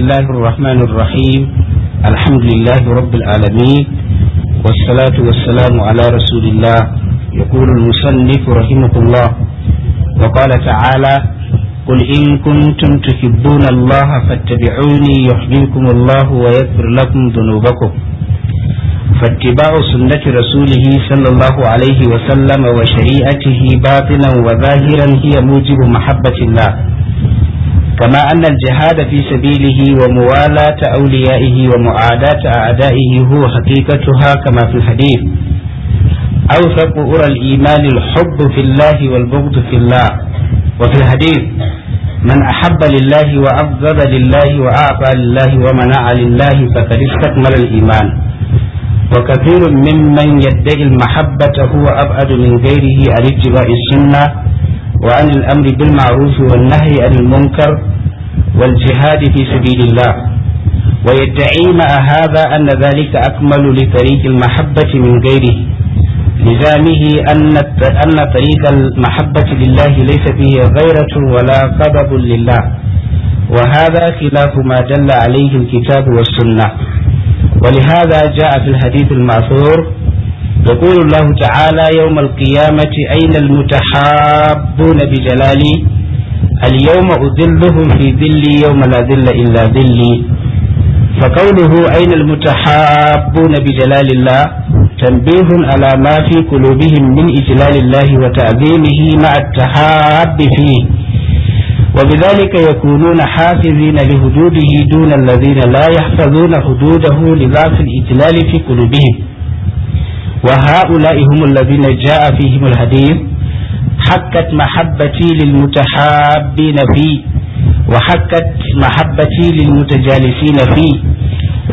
الله الرحمن الرحيم الحمد لله رب العالمين والصلاة والسلام على رسول الله يقول المصنف رحمه الله وقال تعالى قل إن كنتم تحبون الله فاتبعوني يحببكم الله ويغفر لكم ذنوبكم فاتباع سنة رسوله صلى الله عليه وسلم وشريعته باطنا وظاهرا هي موجب محبة الله كما أن الجهاد في سبيله وموالاة أوليائه ومعاداة أعدائه هو حقيقتها كما في الحديث أوثق أرى الإيمان الحب في الله والبغض في الله وفي الحديث من أحب لله وأبغض لله وأعطى لله ومنع لله فقد استكمل الإيمان وكثير ممن يدعي المحبة هو أبعد من غيره عن اتباع السنة وعن الأمر بالمعروف والنهي عن المنكر والجهاد في سبيل الله ويدعي مع هذا أن ذلك أكمل لطريق المحبة من غيره لزامه أن أن طريق المحبة لله ليس فيه غيرة ولا غضب لله وهذا خلاف ما دل عليه الكتاب والسنة ولهذا جاء في الحديث المعثور يقول الله تعالى يوم القيامة أين المتحابون بجلالي اليوم أذلهم في ذلي يوم لا ذل إلا ذلي فقوله أين المتحابون بجلال الله تنبيه على ما في قلوبهم من إجلال الله وتعظيمه مع التحاب فيه وبذلك يكونون حافظين لهدوده دون الذين لا يحفظون حدوده لضعف الإجلال في قلوبهم وهؤلاء هم الذين جاء فيهم الحديث حكت محبتي للمتحابين فيه وحكت محبتي للمتجالسين فيه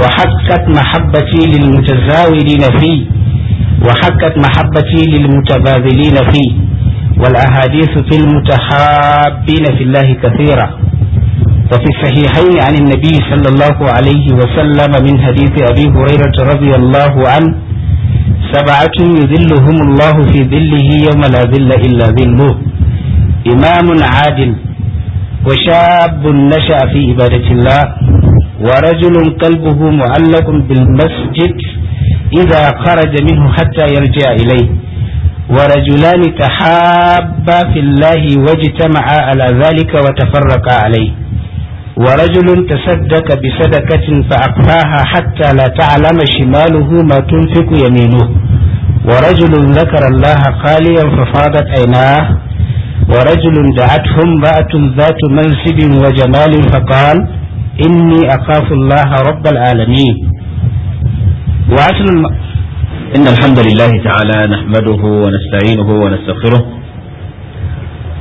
وحكت محبتي للمتزاورين فيه وحكت محبتي للمتبادلين فيه والأحاديث في المتحابين في الله كثيرة وفي الصحيحين عن النبي صلى الله عليه وسلم من حديث أبي هريرة رضي الله عنه سبعة يذلهم الله في ذله يوم لا ذل إلا ذله إمام عادل وشاب نشأ في عبادة الله ورجل قلبه معلق بالمسجد إذا خرج منه حتى يرجع إليه ورجلان تحابا في الله واجتمعا على ذلك وتفرقا عليه ورجل تصدق بصدقة فأقفاها حتى لا تعلم شماله ما تنفق يمينه ورجل ذكر الله خاليا ففاضت عيناه ورجل دعته امرأة ذات منصب وجمال فقال إني أخاف الله رب العالمين وأصل الم... إن الحمد لله تعالى نحمده ونستعينه ونستغفره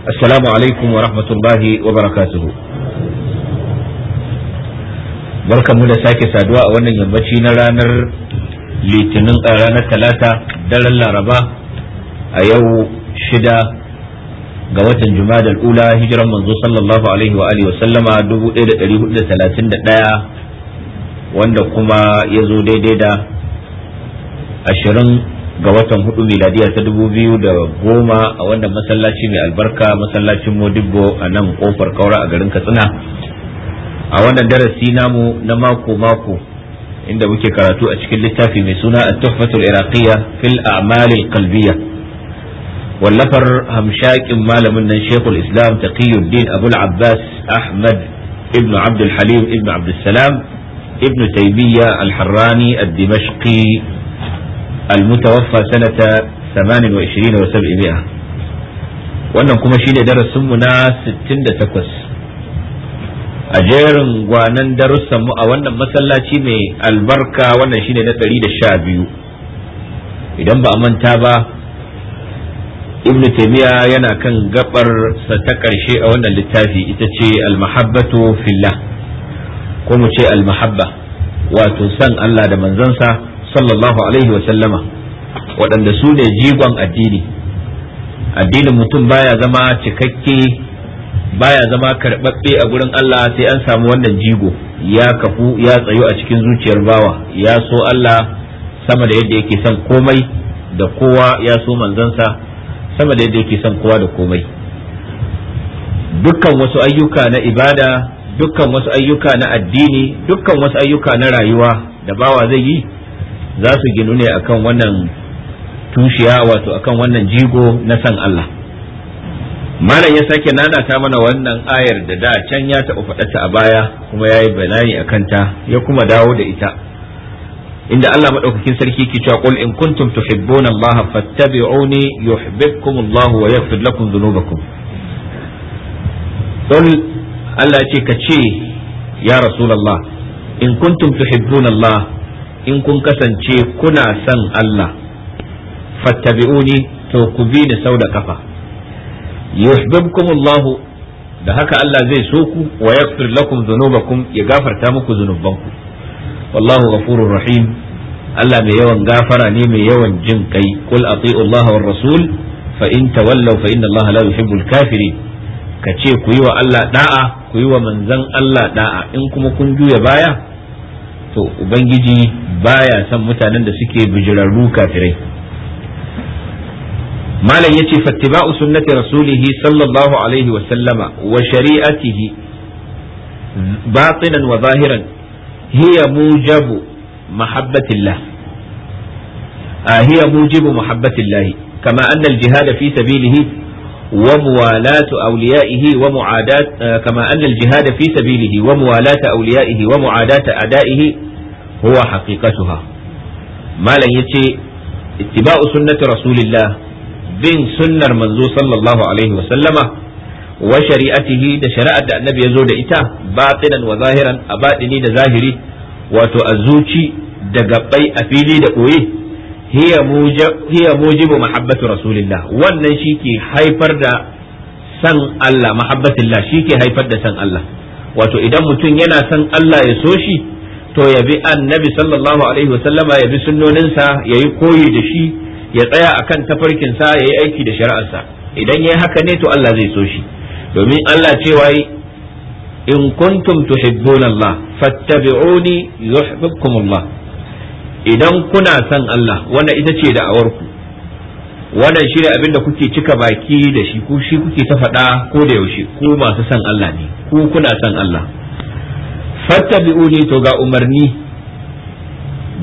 السلام عليكم wa الله وبركاته barkan mu da sake saduwa a wannan yammaci na ranar litinin a ranar talata daren laraba a yau shida ga watan da Lula, hijiran manzo sallallahu alaihi wa alihi wa sallama ɗaya, wanda kuma ya zo daidai da ashirin ga watan hudu miladiya ta dubu biyu da goma a wannan masallaci mai albarka masallacin modibbo a nan kofar kaura a garin katsina a wannan darasi namu na mako mako inda muke karatu a cikin littafi mai suna a tuhfatul iraqiyya fil a'mal al-qalbiyya wallafar hamshakin malamin nan shekul islam taqiyuddin abul abbas ahmad ibnu abdul halim ibn abdul salam ibnu taymiyya al-harrani ad-dimashqi المتوفى سنة 28 و700 wannan kuma shi ne darasinmu na 68 a jerin gwanan darussanmu a wannan masallaci mai albarka wannan shi ne na 112 idan ba a manta ba ibn taimiyya yana kan sa ta ƙarshe a wannan littafi ita ce almahabbatu fillah ko mu ce almahabba wato san Allah da manzansa sallallahu alaihi wa sallama waɗanda su ne jigon addini addinin mutum baya zama cikakke baya zama karɓaɓɓe a gurin Allah sai an samu wannan jigo ya kafu ya tsayu a cikin zuciyar bawa ya so Allah sama da yadda yake son komai da kowa ya so manzansa sama da yadda yake son kowa da komai dukkan wasu ayyuka na ibada dukkan wasu ayyuka na addini dukkan wasu ayyuka na rayuwa da bawa zai yi za su ginu ne akan wannan tushiya wato akan wannan jigo na san Allah malam ya sake nanata mana wannan ayar da da can ya taɓa faɗata a baya kuma ya yi bayani a kanta ya kuma dawo da ita inda Allah maɗaukakin sarki ke cewa qul in kuntum tuhibbuna Allah fattabi'uni yuhibbukum Allah wa yaghfir lakum dhunubakum Don Allah ya ce ka ce ya rasulullah in kuntum tuhibbuna Allah in kun kasance kuna son Allah fattabi'uni to ku bi ni sau da kafa yuhibbukumullahu da haka Allah zai so ku wa yaghfir lakum dhunubakum ya gafarta muku zunubanku wallahu ghafurur rahim Allah mai yawan gafara ne mai yawan jin kai kul ati'u Allah war rasul fa in tawallaw fa inna Allah la yuhibbul kafirin ka ce ku yi wa Allah da'a ku yi wa manzon Allah da'a in kuma kun juya baya to ubangiji baya son mutanen da suke bijirarru kafirai malam yace fattiba'u sunnati rasulihi sallallahu alaihi wa sallama wa shari'atihi batinan wa zahiran hiya mujabu mahabbatillah ah, hiya mujibu mahabbatillah kama anna al-jihad fi sabilihi وموالاة أوليائه ومعاداة كما أن الجهاد في سبيله وموالاة أوليائه ومعاداة أدائه هو حقيقتها ما لن يتي اتباع سنة رسول الله بن سنة منذ صلى الله عليه وسلم وشريعته ده شريعة النبي يزود إتا باطنا وظاهرا أباطني ده ظاهري وتؤزوشي ده قبي أفيلي ده قويه hiya mujibu mahabbatu rasulillah wannan shi ke haifar da san Allah mahabbatillah shi ke haifar da san Allah wato idan mutum yana san Allah ya soshi. to ya bi annabi sallallahu alaihi wasallama ya bi sunnoninsa ya yi koyi da shi ya tsaya akan tafarkinsa ya yi aiki da shari'arsa idan ya yi haka ne to Allah zai soshi domin Allah cewa in kuntum tuhibbuna Allah fattabi'uni yuhibbukum Allah idan kuna son Allah wannan ita ce da'awarku wannan shi ne abin da kuke cika baki da shi ko shi kuke ta faɗa ko da yaushe ko masu son Allah ne ko kuna son Allah fattabi'uni to ga umarni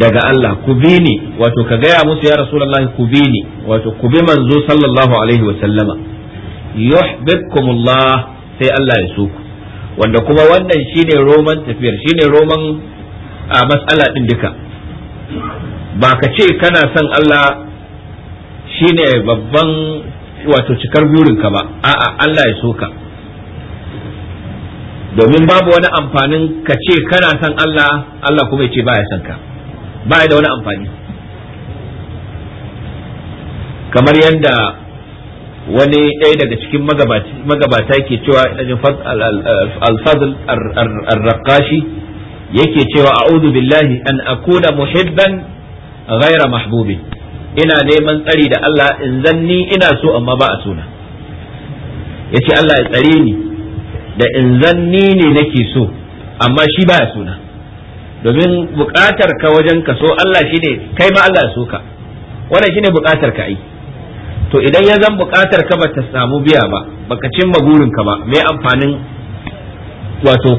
daga Allah ku bi ni wato ka gaya musu ya rasulullahi ku bi ni wato ku bi manzo sallallahu alaihi wa sallama yuhibbukumullah sai Allah ya so ku wanda kuma wannan shine roman tafiyar shine roman a mas'ala din duka ba ka ce kana son Allah shi ne babban wato cikar burinka ba a'a Allah ya so ka domin babu wani amfanin ka ce kana son Allah Allah kuma ya ce ba ya son ka ba ya da wani amfani kamar yadda wani ɗaya daga cikin magabata yake cewa alfazil arraƙashi yake cewa a'udhu billahi an akuna muhibban ghaira mahbubi ina neman tsari da Allah in zanni ina so amma ba a suna yace Allah ya tsare ni da in zanni ne nake so amma shi ba ya suna domin bukatar ka wajen ka so Allah shine kai ma Allah ya so ka wannan shine bukatar ka ai to idan ya zan bukatar ka bata samu biya ba baka cimma burin ka ba me amfanin wato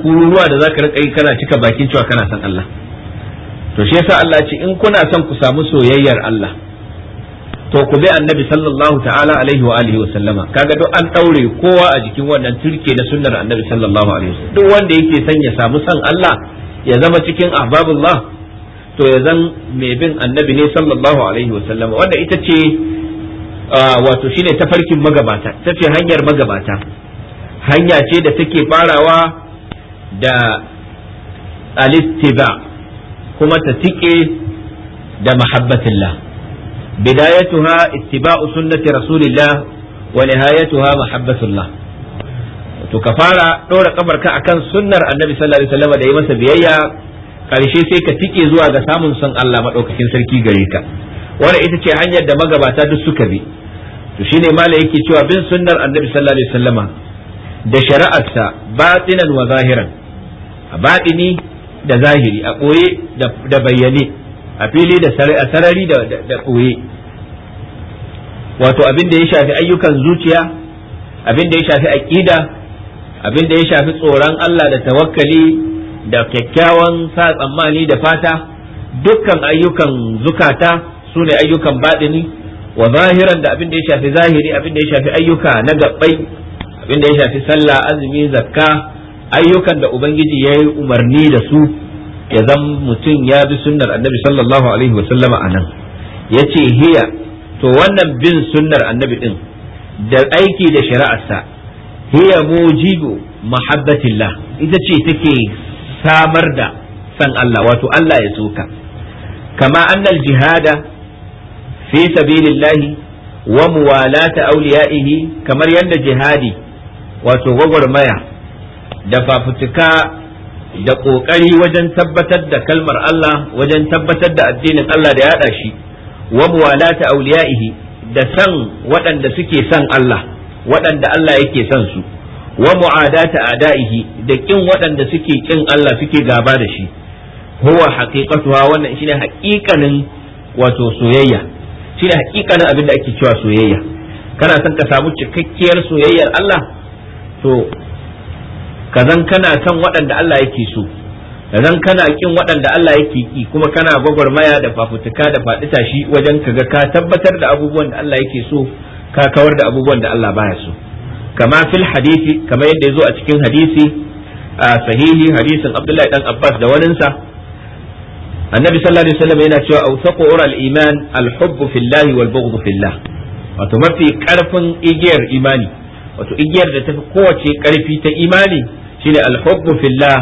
kururuwa da zaka rika yi kana cika bakin cewa kana san Allah to shi yasa Allah ce in kuna son ku samu soyayyar Allah to ku bi annabi sallallahu ta'ala alaihi wa alihi wa sallama kaga duk an daure kowa a jikin wannan turke na sunnar annabi sallallahu alaihi wa duk wanda yake son ya samu son Allah ya zama cikin ahbabullah to ya zan mai bin annabi ne sallallahu alaihi wa sallama wanda ita ce wato shine tafarkin magabata ce hanyar magabata hanya ce da take farawa da alittiba kuma ta tike da mahabbatillah bidayatuha ittiba'u sunnati rasulillah wa nihayatuha mahabbatullah to ka fara dora kabarka akan sunnar annabi sallallahu alaihi wasallam da yi masa biyayya karshe sai ka tike zuwa ga samun son Allah madaukakin sarki gare ka wanda ita ce hanyar da magabata duk suka bi to shine mala yake cewa bin sunnar annabi sallallahu alaihi da shari'arsa batinan wa zahiran a batini da zahiri a ɓoye da bayyane a fili da sarari da ɓoye wato abin da ya shafi ayyukan zuciya abin da ya shafi aƙida abin da ya shafi tsoron Allah da tawakkali da kyakkyawan sa tsammani da fata dukkan ayyukan zukata su ne ayyukan baɗini wa zahiran da abin da ya shafi zahiri abin da ya shafi ayyuka na gaɓai, abin da ya shafi sallah azumi zakka ayyukan da ubangiji ya yi umarni da su ya zan mutum ya bi sunnar annabi sallallahu alaihi wa sallama a nan ya ce hiya to wannan bin sunnar annabi din da aiki da shari'arsa hiya mujibu mahabbatillah ita ce take samar da san Allah wato Allah ya soka kama annal jihada fi sabilillahi wa muwalata awliyaihi kamar yadda jihadi wato gwagwarmaya da fafutuka da ƙoƙari wajen tabbatar da kalmar Allah wajen tabbatar da addinin Allah da yaɗa shi wa muwalata auliya'ihi da san waɗanda suke san Allah waɗanda Allah yake san su wa mu'adata ada'ihi da kin waɗanda suke ƙin Allah suke gaba da shi huwa haqiqatuha wannan shine haƙiƙanin wato soyayya shine haƙiƙanin abin da ake cewa soyayya kana son ka samu cikakkiyar soyayyar Allah to kazan kana son waɗanda Allah yake so kazan kana kin waɗanda Allah yake ki kuma kana gwagwarmaya da fafutuka da faɗi tashi wajen kaga ka tabbatar da abubuwan da Allah yake so ka kawar da abubuwan da Allah baya so kama fil hadisi kama yadda ya zo a cikin hadisi a sahihi hadisin Abdullahi dan Abbas da waninsa annabi sallallahu alaihi wasallam yana cewa awsaqu ural iman al-hubbu fillahi wal bughdu fillah wato mafi karfin igiyar imani wato igiyar da tafi kowace karfi ta imani shine al fillah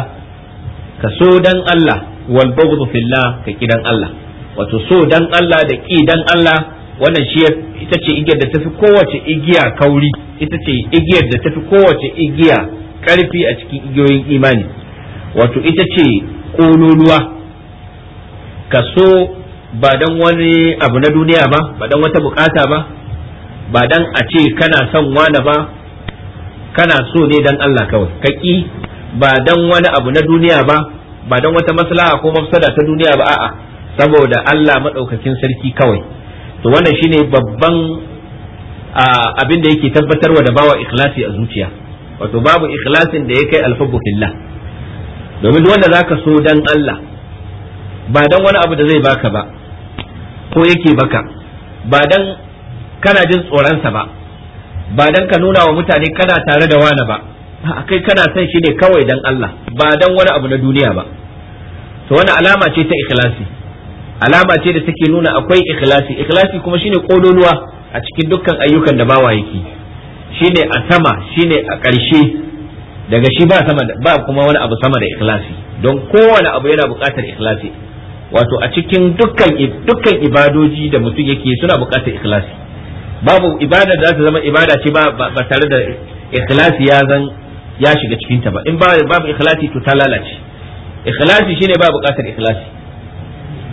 ka so dan Allah wal bughdu fillah ka kidan Allah wato so dan Allah da ki dan Allah wannan shi ita ce igiyar da tafi kowace igiya kauri ita ce igiyar da tafi kowace igiya karfi a cikin igiyoyin imani wato ita ce kololuwa ka so ba dan wani abu na duniya ba ba dan wata bukata ba ba dan a ce kana son wani ba kana so ne dan Allah kawai ka ki ba dan wani abu na duniya ba ba dan wata maslaha ko mafsada ta duniya ba a'a saboda Allah madaukakin sarki kawai to wannan shine babban abin da yake tabbatarwa da bawa ikhlasi a zuciya wato babu ikhlasin da ya kai alfabu fillah domin wanda zaka so dan Allah ba dan wani abu da zai baka ba ko yake baka ba dan kana jin tsoron sa ba ba dan ka nuna wa mutane kana tare da wani ba kai kana son shi ne kawai dan Allah ba dan wani abu na duniya ba to wani alama ce ta ikhlasi alama ce da take nuna akwai ikhlasi ikhlasi kuma shine kololuwa a cikin dukkan ayyukan da bawa yake shine a sama shine a ƙarshe daga shi ba kuma wani abu sama da ikhlasi don kowane abu yana buƙatar ikhlasi wato a cikin dukkan dukkan ibadoji da mutum yake suna buƙatar ikhlasi babu ibada da za ta zama ibada ce ba tare da ikhlasi ya zan ya shiga cikin ta ba in babu ikhlasi to ta lalace ikhlasi shine ba buƙatar ikhlasi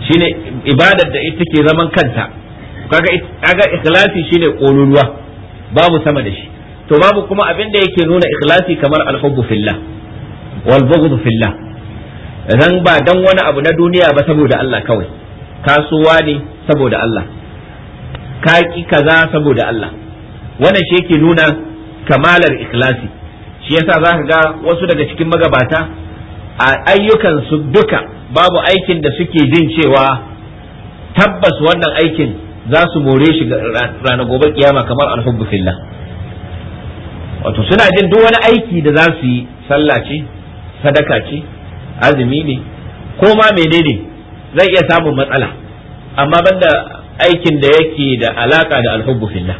shine ibadar da ita ke zaman kanta kaga kaga ikhlasi shine kololuwa babu sama da shi to babu kuma abin da yake nuna ikhlasi kamar alhubbu fillah wal bughd fillah zan ba dan wani abu na duniya ba saboda Allah kawai kasuwa ne saboda Allah ka ƙi kaza saboda Allah wannan shi yake nuna kamalar ikhlasi shi yasa za ka ga wasu daga cikin magabata a su duka babu aikin da suke jin cewa tabbas wannan aikin za su more shi rana gobe kiyama kamar alhubbu fillah wato suna jin duk wani aiki da za su yi sallah ce sadaka ce azumi ne ko ma menene zai iya samun matsala amma banda aikin da yake da alaka da alhubbu fillah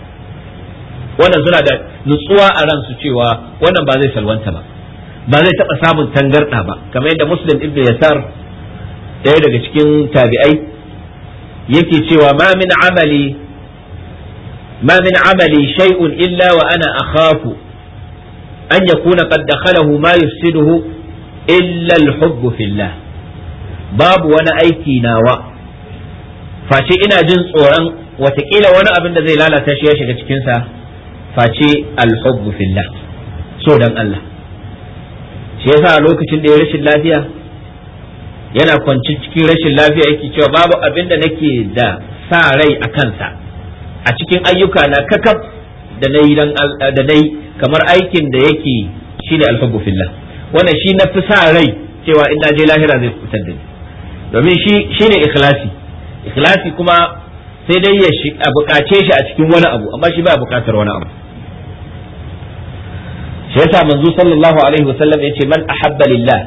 wannan suna da nutsuwa a ransu cewa wannan ba zai salwanta ba ba zai taɓa samun tangarɗa ba kamar yadda muslim ibn yasar ɗaya daga cikin tabi'ai yake cewa ma min amali ma min amali shay'un illa wa ana akhafu an yakuna qad dakhalahu ma yufsiduhu illa alhubbu fillah babu wani aiki nawa face ina jin tsoron watakila wani abin da zai lalata shi ya shiga cikinsa face alhubbu fillah so dan Allah shi yasa lokacin da ya rashin lafiya yana kwanci cikin rashin lafiya yake cewa babu abin da nake da sa rai a kansa a cikin ayyuka na kakaf da na yi da dai kamar aikin da yake shine alhubbu fillah wannan shi na fi sa rai cewa in na je lahira zai fitar da ni domin shi shine ikhlasi ikhlasi kuma sai dai ya bukace shi a cikin wani abu amma shi ba bukatar wani abu shi yasa manzo sallallahu alaihi wasallam yace man ahabba lillah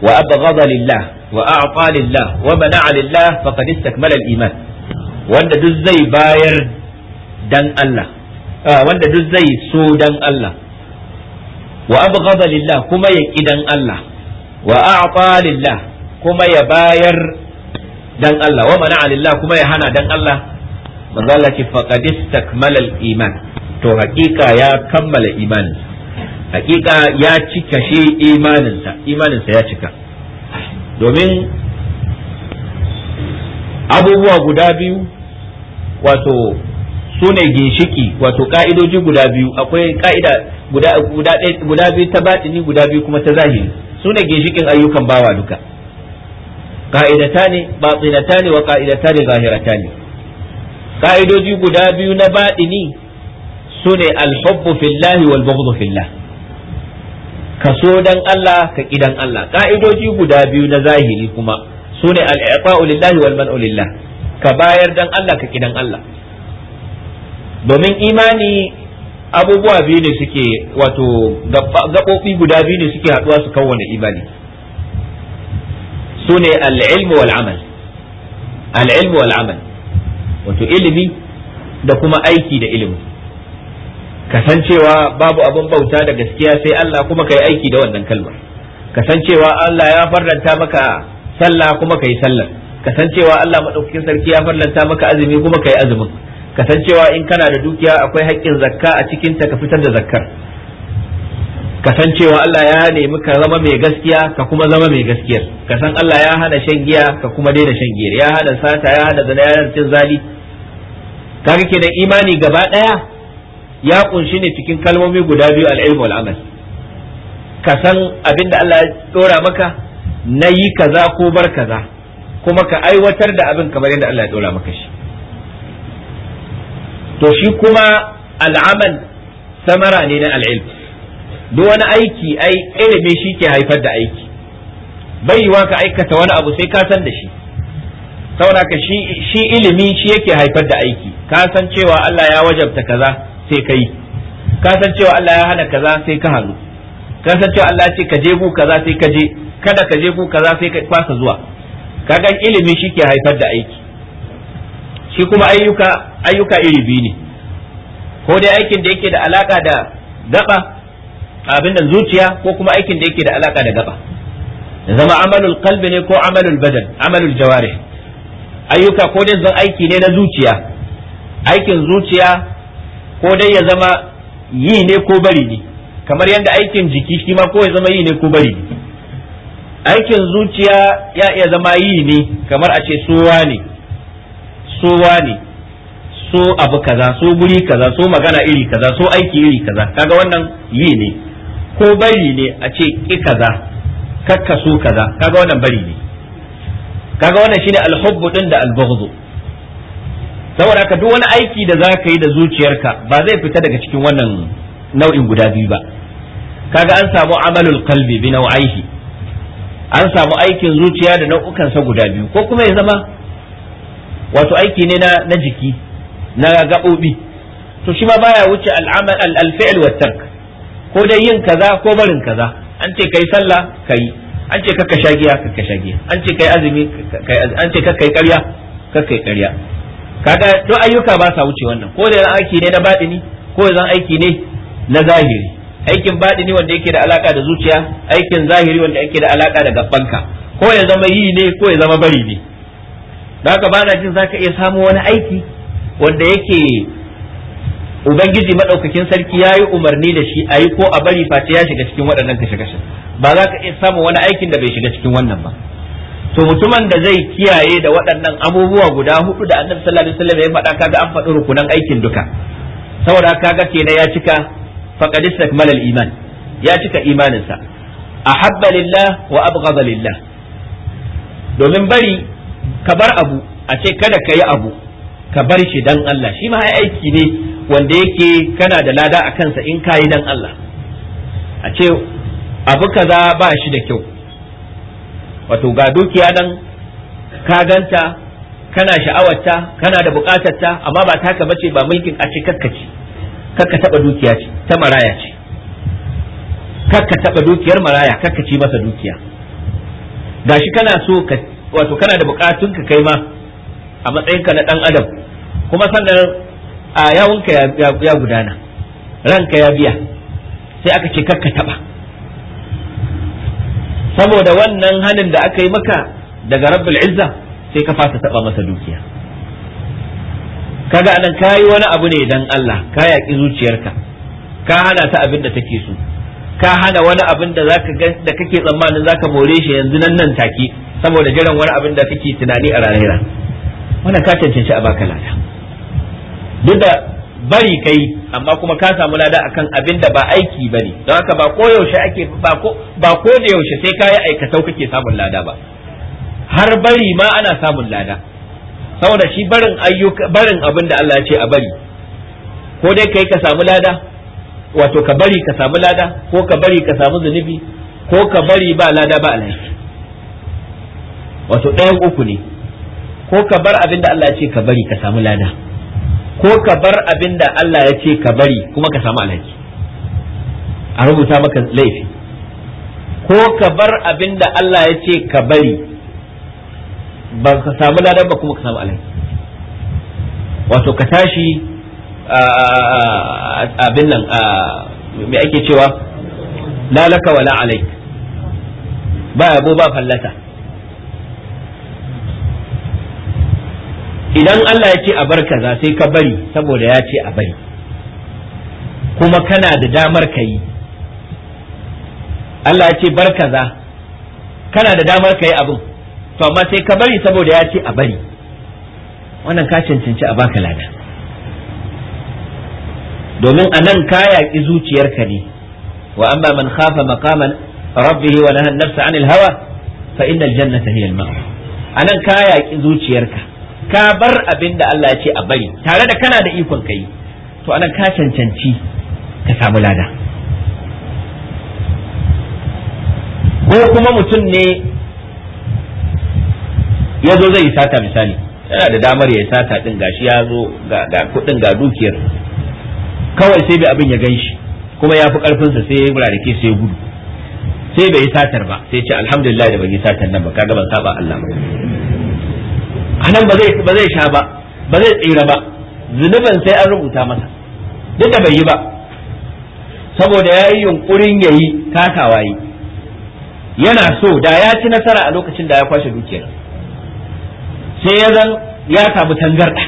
wa abghada lillah wa a'ta lillah wa mana'a lillah faqad istakmala al-iman wanda duk zai bayar dan Allah wanda duk zai so dan Allah wa abghada lillah kuma ya kidan Allah wa a'ta lillah kuma ya bayar dan Allah wa mana alillah kuma ya hana dan Allah manzo Allah ce faqad istakmala iman to hakika ya kammala imani hakika ya cika shi imaninsa imaninsa ya cika domin abubuwa guda biyu wato su ne ginshiki wato ka'idoji guda biyu akwai ka'ida guda guda biyu ta batini guda biyu kuma ta zahiri sune ne ginshikin ayyukan bawa duka ka'idatani batinatani wa ka'idatani zahiratani ka'idoji guda biyu na baɗini su ne alhubbu fillahi wal bughdhu fillah kaso dan Allah ka kidan Allah ka'idoji guda biyu na zahiri kuma su ne al-i'ta'u lillahi wal man'u lillah ka bayar dan Allah ka kidan Allah domin imani abubuwa biyu ne suke wato gaɓoɓi guda biyu ne suke haɗuwa su kawwane imani su ne al'ilmu wal amal al'ilmu wal amal wato ilimi da kuma aiki da ilimi kasancewa babu abin bauta da gaskiya sai Allah kuma kai aiki da wannan kalmar kasancewa Allah ya farlanta maka sallah kuma kai sallar kasancewa Allah madaukakin sarki ya farlanta maka azumi kuma kai azumin kasancewa in kana da dukiya akwai haƙƙin zakka a cikin ta ka fitar da zakkar ka cewa Allah ya nemi ka zama mai gaskiya ka kuma zama mai gaskiyar ka san Allah ya hana shan giya ka kuma daina shan giya ya hana sata ya hana zina ya hana cin zali kaga kenan imani gaba daya ya kunshi ne cikin kalmomi guda biyu al ilm wal amal ka san abin da Allah ya dora maka na yi kaza ko bar kaza kuma ka aiwatar da abin kamar yadda Allah ya dora maka shi to shi kuma al-amal samara ne na al-ilm duk wani aiki ai ilimi shi ke haifar da aiki bai yiwa ka aikata wani abu sai ka san da shi saboda ka shi ilimi shi yake haifar da aiki ka san cewa Allah ya wajabta kaza sai ka yi ka san cewa Allah ya hana kaza sai ka hannu ka san cewa Allah ya ce ka je ku kaza sai ka je kada ka je ku kaza sai ka kwasa zuwa Ka ga ilimi shi ke haifar da aiki shi kuma ayyuka ayyuka iri biyu ne ko dai aikin da yake da alaka da gaba abin nan zuciya ko kuma aikin da yake da alaka da gaba zama amalul qalbi ne ko amalul badan amalul jawarih ayyuka ko dai zan aiki ne na zuciya aikin zuciya ko dai ya zama yi ne ko bari ne kamar yadda aikin jiki shi ma ko ya zama yi ne ko bari ne aikin zuciya ya iya zama yi ne kamar a ce sowa ne sowa ne so abu kaza so guri kaza so magana iri kaza so aiki iri kaza kaga wannan yi ne ko bari ne a ce ki kaza kakka so kaza kaga wannan bari ne kaga wannan shine alhubbu din da albughdhu saboda haka duk wani aiki da zaka yi da zuciyarka ba zai fita daga cikin wannan nau'in guda biyu ba kaga an samu amalul qalbi bi nau'aihi an samu aikin zuciya da nau'ukan sa guda biyu ko kuma ya zama wato aiki ne na na jiki na gabobi to shi ma baya wuce al'amal al-fi'l wa tark ko dai yin kaza ko barin kaza an ce kai sallah kai an ce kakka shagiya kakka shagiya an ce kai azumi kai an ce kakka kai ƙarya kakka kai ƙarya kaga to ayyuka ba sa wuce wannan ko dai aiki ne na baɗini ko zan aiki ne na zahiri aikin baɗini wanda yake da alaka da zuciya aikin zahiri wanda yake da alaka da gabbanka ko ya zama yi ne ko ya zama bari ne da haka ba na jin zaka iya samu wani aiki wanda yake ubangiji madaukakin sarki ya yi umarni da shi a yi ko a bari face ya shiga cikin waɗannan kashe-kashe ba za ka iya samun wani aikin da bai shiga cikin wannan ba to mutumin da zai kiyaye da waɗannan abubuwa guda hudu da annabi sallallahu alaihi wasallam ya faɗa kaga an faɗi rukunan aikin duka saboda kaga kenan ya cika faqad istakmala iman ya cika imanin sa ahabba lillah wa abghada lillah domin bari ka bar abu a ce kada ka yi abu ka bar shi dan Allah shi ma aiki ne wanda yake kana da lada a kansa in kayi dan Allah a ce abu kaza ba shi da kyau wato ga dukiya nan ka ganta kana sha'awarta kana da bukatarta amma ba taka bace ba mulkin a ce kakka ce kakka taba dukiya ce ta maraya ce kakka taba dukiyar maraya kakka ci masa dukiya gashi kana so ka wato kana da bukatun ka kai ma a matsayinka na dan adam kuma sannan a yawunka ya gudana ranka ya biya sai aka ce karka taba saboda wannan hannun da aka yi maka daga rabbul izza sai ka fasa taba masa dukiya kaga anan yi wani abu ne dan Allah ka yaƙi zuciyarka ka hana ta abin da take so ka hana wani abin da zaka da kake tsammanin zaka more shi yanzu nan nan take saboda jiran wani abin da kake tunani a ranar wannan ka cancanci a baka lada duk da bari kai amma kuma ka samu lada akan abin da ba aiki bane don haka ba ko yaushe ake ba ko ba ko da yaushe sai kai aikatau kake samun lada ba har bari ma ana samun lada saboda shi barin ayyuka barin abin da Allah ya ce a bari ko dai kai ka samu lada wato ka bari ka samu lada ko ka bari ka samu zunubi ko ka bari ba lada ba alhaki wato ɗayan uku ne ko ka bar abin da Allah ya ce ka bari ka samu lada ko ka bar abin da Allah ya ce ka bari kuma ka samu alhaki a rubuta maka laifi ko ka bar abin da Allah ya ce ka bari ba ka samu ladan ba kuma ka samu alhaki wato ka tashi abin nan me ake cewa lalaka wala alaik ba yabo ba fallata idan Allah ya ce a bar kaza sai ka bari saboda ya ce a bari kuma kana da damar ka yi Allah ya ce bar kaza kana da damar ka yi abin to amma sai ka bari saboda ya ce a bari wannan ka cancanci a baka lada domin a nan ka yaƙi zuciyarka ne wa amma man khafa maqaman rabbih wa nahana nafsa anil hawa fa innal jannata hiya al-ma'wa anan ka yaƙi zuciyarka ka bar abin da Allah ya ce a bari tare da kana da ikon kai to anan ka cancanci ka samu lada ko kuma mutum ne ya zo zai sata misali yana da damar ya sata din gashi ya zo ga kudin ga dukiyar kawai sai bai abin ya ganshi, kuma ya fi karfinsa sai ya rarrake sai ya gudu sai bai yi satar ba sai ce alhamdulillah da ban yi satar nan ba ka ban saba Allah ba anan ba zai ba zai sha ba ba zai tsira ba zunuban sai an rubuta masa duk da bai yi ba saboda yayi yunkurin yayi takawa yi yana so da ya ci nasara a lokacin da ya kwashe dukiyar sai ya zan ya samu tangarda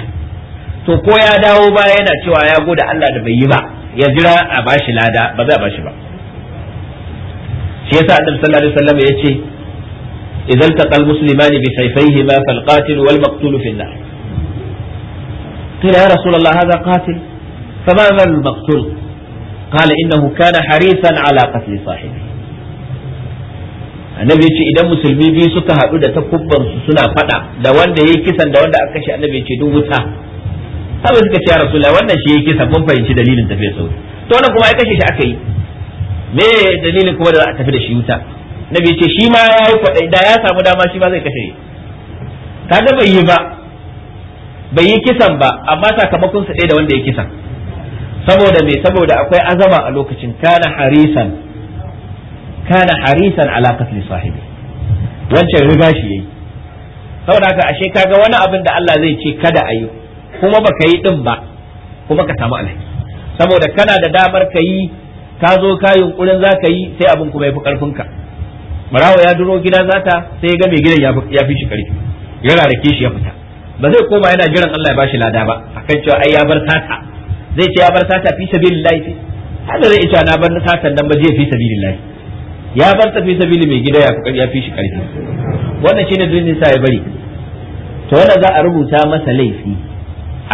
to ko ya dawo ba yana cewa ya gode Allah da bai yi ba ya jira a bashi lada ba zai bashi ba shi yasa annabi sallallahu alaihi wasallam ya ce idan taqal muslimani bi sayfayhima fal qatil wal maqtul fi nar qila ya rasul allah hadha qatil fama al maqtul qala innahu kana harisan ala qatl sahibi annabi ce idan musulmi biyu suka haɗu da takubbansu suna faɗa da wanda ya yi kisan da wanda aka kashe annabi ce duk wuta haka suka ce ya rasulullah wannan shi ya yi kisan mun fahimci dalilin tafiya sau to wannan kuma ai kashe shi aka yi me dalilin kuma da za a tafi da shi wuta na bai ce shi ma ya yi kwaɗayi da ya samu dama shi ma zai kashe ga bai yi ba bai yi kisan ba amma sakamakon sa ɗaya da wanda ya kisan saboda me saboda akwai azama a lokacin kana harisan kana harisan ala qatli sahibi wancan riga shi yayi saboda haka ashe kaga wani abin da Allah zai ce kada a yi kuma baka yi din ba kuma ka samu alhaki saboda kana da damar ka yi ka zo ka yunkurin za ka yi sai abin kuma ya fi ka barawo ya duro gida zata sai ya ga mai gidan ya fi shi karfi ya rarake shi ya fita ba zai koma yana jiran Allah ya bashi lada ba akan cewa ai ya bar sata zai ce ya bar sata fi sabilillahi hada zai ita na bar satan dan ba zai fi sabilillahi ya bar ta fi sabili mai gida ya fi shi karfi wannan shine dalilin sa ya bari to wannan za a rubuta masa laifi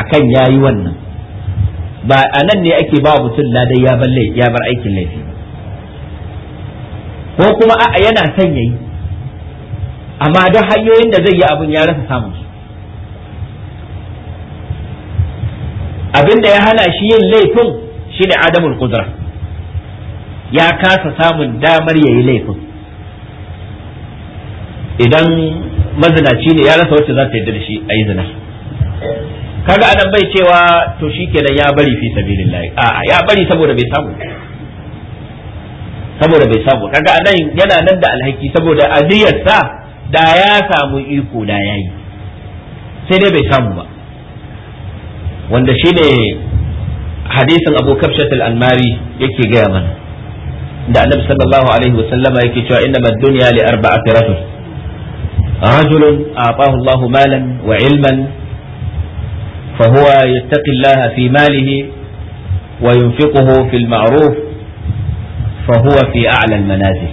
akan yayi wannan ba a nan ne ake ba mutum ladai ya bar ya bar aikin laifi ko kuma a yana son yayi amma duk hanyoyin da zai yi abin ya rasa samun su abin da ya hana shi yin laifin shi ne adamul kudura ya kasa samun damar ya yi laifin idan mazinaci ne ya rasa wacce za ta yarda da shi a yi zina kaga anan bai cewa to shi kenan ya bari fi sabilillah a'a ya bari saboda bai samu saboda bai samu kaga anan yana nan da alhaki saboda aniyarsa da ya samu iko da yayi sai dai bai samu ba wanda shine hadisin Abu Kabshat al yake gaya mana da Annabi sallallahu alaihi wa sallama yake cewa inna ad-dunya li arba'ati rajul رجل أعطاه الله مالا وعلما فهو يتقي الله في ماله وينفقه في المعروف فهو في أعلى المنازل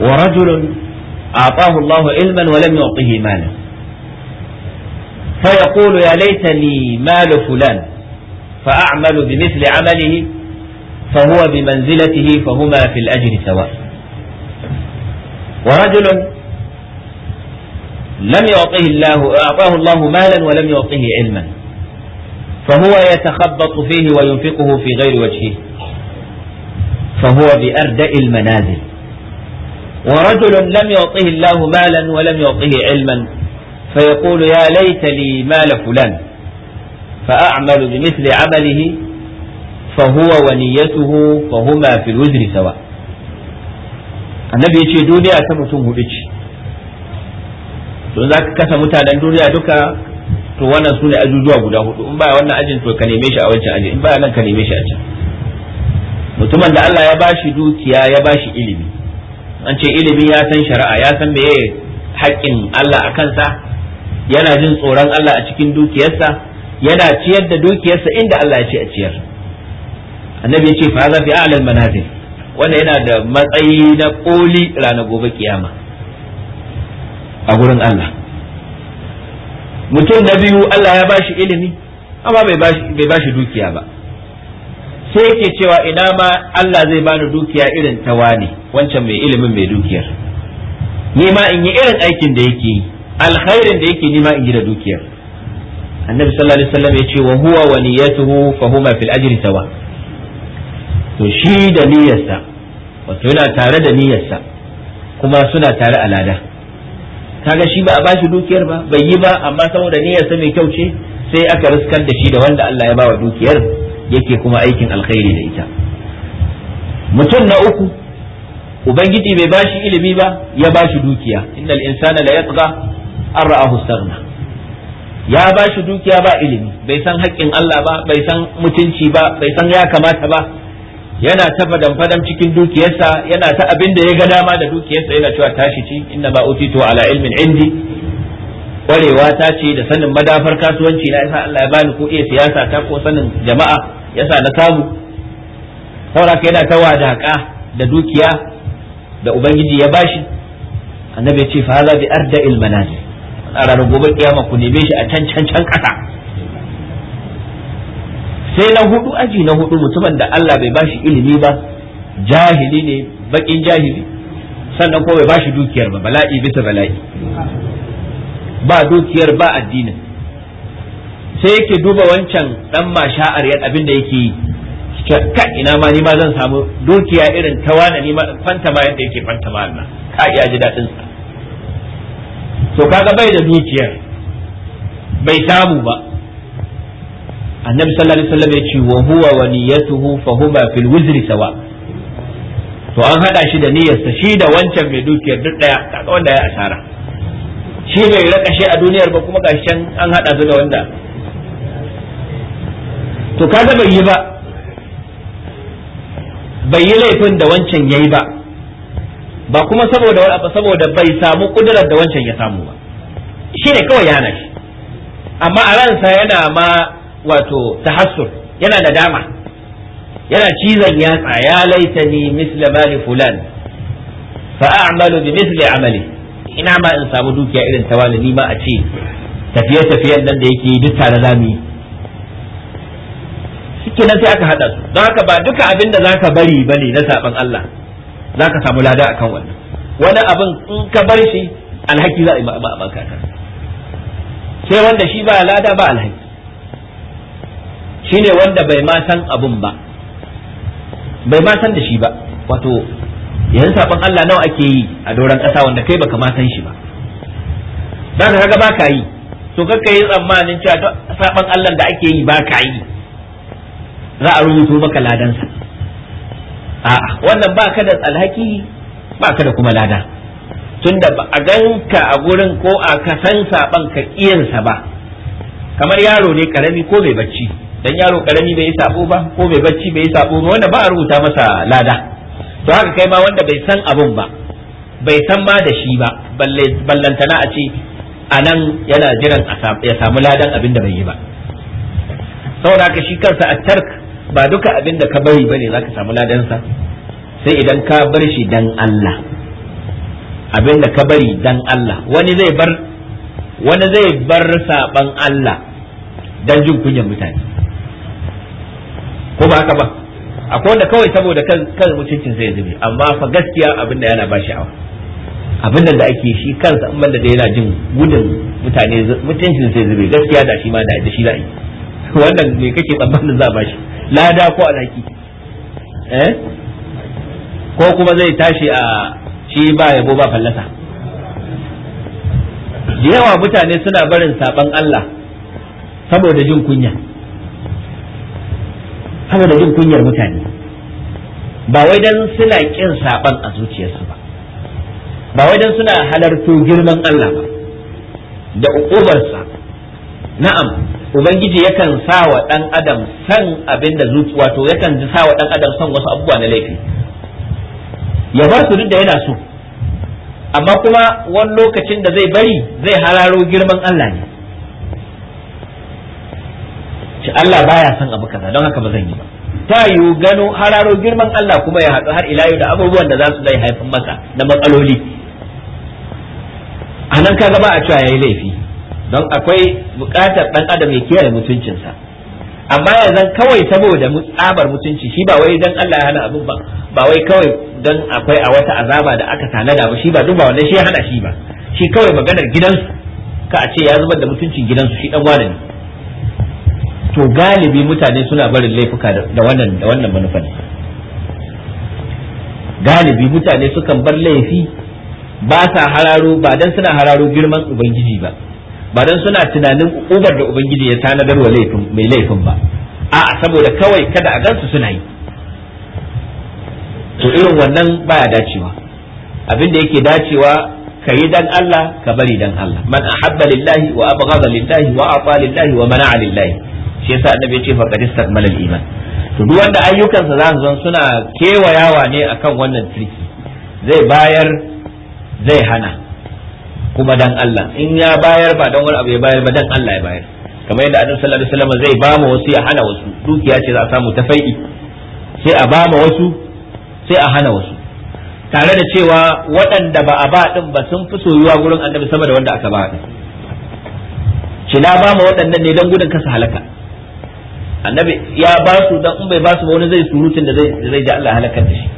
ورجل أعطاه الله علما ولم يعطه مالا فيقول يا ليتني مال فلان فأعمل بمثل عمله فهو بمنزلته فهما في الأجر سواء ورجل لم يعطه الله أعطاه الله مالا ولم يعطه علما فهو يتخبط فيه وينفقه في غير وجهه فهو بأردأ المنازل ورجل لم يعطه الله مالا ولم يعطه علما فيقول يا ليت لي مال فلان فأعمل بمثل عمله فهو ونيته فهما في الوزر سواء النبي يشي دوني أتمتم بيشي to za ka kasa mutanen duniya duka to wannan su ne ajujuwa guda hudu in baya wannan ajin to ka neme shi mutumin da Allah ya bashi dukiya ya bashi ilimi an ce ilimi ya san shari'a ya san meye haƙƙin Allah a kansa yana jin tsoron Allah a cikin dukiyarsa yana ciyar da dukiyarsa inda Allah ya ce a ciyar annabi ya ce fa za fi a'lal manazil wanda yana da matsayi na koli ranar gobe kiyama a gurin Allah mutum na biyu Allah ya bashi ilimi amma bai bashi dukiya ba sai yake cewa ina ma Allah zai bani dukiya irin ta wani wancan mai ilimin mai dukiyar ni ma in yi irin aikin da yake yi alkhairin da yake ni ma in yi da dukiyar annabi sallallahu alaihi wasallam ya ce wa huwa wa niyyatuhu fa huma fil ajri sawa to shi da niyyarsa wato yana tare da niyyarsa kuma suna tare a lada kaga shi ba a bashi dukiyar ba bai yi ba amma saboda niyyarsa mai kyau ce sai aka riskar da shi da wanda Allah ya bawa dukiyar yake kuma aikin alkhairi da ita mutum na uku ubangiji bai bashi ilimi ba ya bashi dukiya innal insana la yatgha an ra'ahu sarna ya bashi dukiya ba ilimi bai san haƙƙin Allah ba bai san mutunci ba bai san ya kamata ba yana ta fadan fadan cikin dukiyarsa yana ta abin da ya ga dama da dukiyarsa yana cewa tashi ci inna ba utitu ala ilmin indi kwarewa ta ce da sanin madafar kasuwanci na isa Allah ya bani ko iya siyasa ta ko sanin jama'a yasa na samu saboda ka yana ta wadaka da dukiya da ubangiji ya bashi annabi ya ce fa hada bi arda il manazil a ranar gobe kiyama ku neme shi a can can can kasa sai na hudu aji na hudu mutumin da Allah bai bashi ilimi ba jahili ne bakin jahili sannan ko bai bashi dukiyar ba bala'i bisa bala'i ba dukiyar ba addinin sai ki duba wancan dan masha aryan abin da yake yi ina ma ni ma zan samu dukiya irin ta wani ni ma fanta ma yadda yake fanta ma Allah ka iya ji dadin sa to kaga bai da dukiyar bai samu ba annabi sallallahu alaihi wasallam ya ce wa huwa wa niyyatuhu fa huma fil wizri sawa to an hada shi da niyyarsa shi da wancan mai dukiyar duk daya kaga wanda ya asara shi bai raka shi a duniyar ba kuma gashin an hada su da wanda to kaga bai yi ba bai yi laifin da wancan yayi ba ba kuma saboda saboda bai samu kudurar da wancan ya samu ba shi ne kawai yana shi amma a ransa yana ma wato tahassur yana nadama yana cizon yatsa ya ni misla mali fulan fa a'malu bi misli amali ina ma in samu dukiya irin ta wani ni ma a ce tafiye tafiyen nan da yake duk tare zamu yi shike nan sai aka hada su don haka ba duka abin da zaka bari bane na saban Allah zaka samu lada akan wannan wani abin in ka bar shi alhaki za a yi ba a baka sai wanda shi ba lada ba alhaki shine wanda bai ma san abun ba bai ma san da shi ba wato yanzu saban Allah nawa ake yi a doron ƙasa wanda kai baka ma san shi ba za ka kaga ka yi to kakka yi tsammanin cewa saban Allah da ake yi ba ka yi za a rubuto maka ladansa a'a wannan ba ka da alhaki ba ka da kuma lada tunda ba a ganka a gurin ko a ka san saban ka iyansa ba kamar yaro ne karami ko bai bacci dan yaro karami bai yi sabo ba ko bai bacci bai yi sabo ba wanda ba a rubuta masa lada to haka kai ma wanda bai san abun ba bai san ma da shi ba ballantana a ce a nan yana jiran ya samu ladan abin da bai yi ba saboda haka shi kansa a tark ba duka abin da ka bari bane zaka samu ladansa sai idan ka bar shi dan Allah abin da ka bari dan Allah wani zai bar wani zai bar saban Allah dan jin kunyan mutane ko ba haka ba akwai wanda kawai saboda kan kan mutuncin zai zube amma fa gaskiya abin da yana ba awa. abin da ake shi kansa in da yana jin gudun mutane mutuncin zai zube gaskiya da shi ma da shi da yi wannan me kake tsammanin za a bashi lada ko alaki eh ko kuma zai tashi a shi ba yabo ba fallasa da yawa mutane suna barin saban Allah saboda jin kunya saboda jin kunyar mutane ba wai dan suna kin saban a zuciyarsu ba ba wai dan suna halarto girman Allah ba da ukubarsa na'am ubangiji yakan sa wa dan adam san abin da zuci wato yakan ji sa wa ɗan adam san wasu abubuwa na laifi ya bar su duk da yana so amma kuma wani lokacin da zai bari zai hararo girman Allah ne ci Allah baya son abu kaza don haka ba zan yi ba ta yiwu gano hararo girman Allah kuma ya haɗu har ila yau da abubuwan da za su zai haifin masa na matsaloli a nan ka gaba a cewa ya yi laifi don akwai buƙatar ɗan adam ya kiyaye mutuncinsa amma ya zan kawai saboda tsabar mutunci shi ba wai dan Allah ya hana abin ba ba wai kawai dan akwai a wata azaba da aka tanada ba shi ba duk ba wanda shi ya hana shi ba shi kawai maganar gidansu ka a ce ya zubar da mutuncin gidansu shi dan wani to galibi mutane suna barin laifuka da wannan da wannan manufar galibi mutane sukan bar laifi ba sa hararo ba dan suna hararo girman ubangiji ba ba dan suna tunanin ubar da ubangiji ya tanadar wa laifin mai laifin ba a'a saboda kawai kada a gansu suna yi to irin wannan baya dacewa abin da yake dacewa ka yi dan Allah ka bari dan Allah man ahabba lillahi wa abghada lillahi wa afa lillahi wa mana'a lillahi shi yasa annabi yace fa qad istakmala al-iman to duk wanda ayyukansa za su zan suna kewayawa ne akan wannan tirki. zai bayar zai hana kuma dan Allah in ya bayar ba dan wani abu ya bayar ba dan Allah ya bayar kamar yadda annabi sallallahu alaihi wasallam zai ba mu wasu ya hana wasu dukiya ce za a samu ta fai'i sai a ba mu wasu sai a hana wasu tare da cewa waɗanda ba a ba din ba sun fi soyuwa gurin annabi sama da wanda aka ba din shi na ba mu waɗannan ne dan gudun kasa halaka annabi ya ba su dan in bai ba su ba wani zai surutun da zai zai ji Allah halakar da shi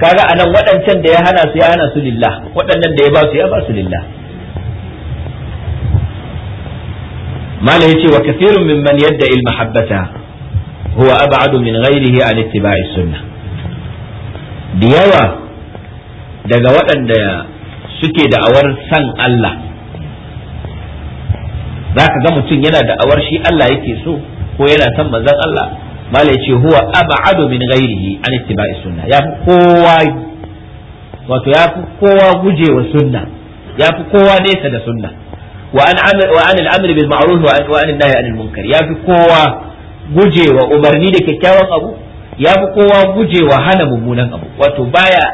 kaga anan waɗancan da ya hana su ya hana su lillah waɗannan da ya ba su ya ba su lillah malai yace wa kathirun mimman yadda il mahabbata huwa ab'adu min ghairihi an ittiba'i sunnah da yawa daga waɗanda suke da'awar san Allah za ka ga mutum yana da'awar shi Allah yake so ko yana san manzon Allah malai ya ce huwa ab'adu min ghairihi an ittiba'i sunna ya fi kowa wato ya fi kowa gujewa sunna ya fi kowa nesa da sunna wa an wa an al-amr bil ma'ruf wa an an-nahy yafi kowa gujewa umarni da kyakkyawan abu yafi kowa guje wa hana mummunan abu wato baya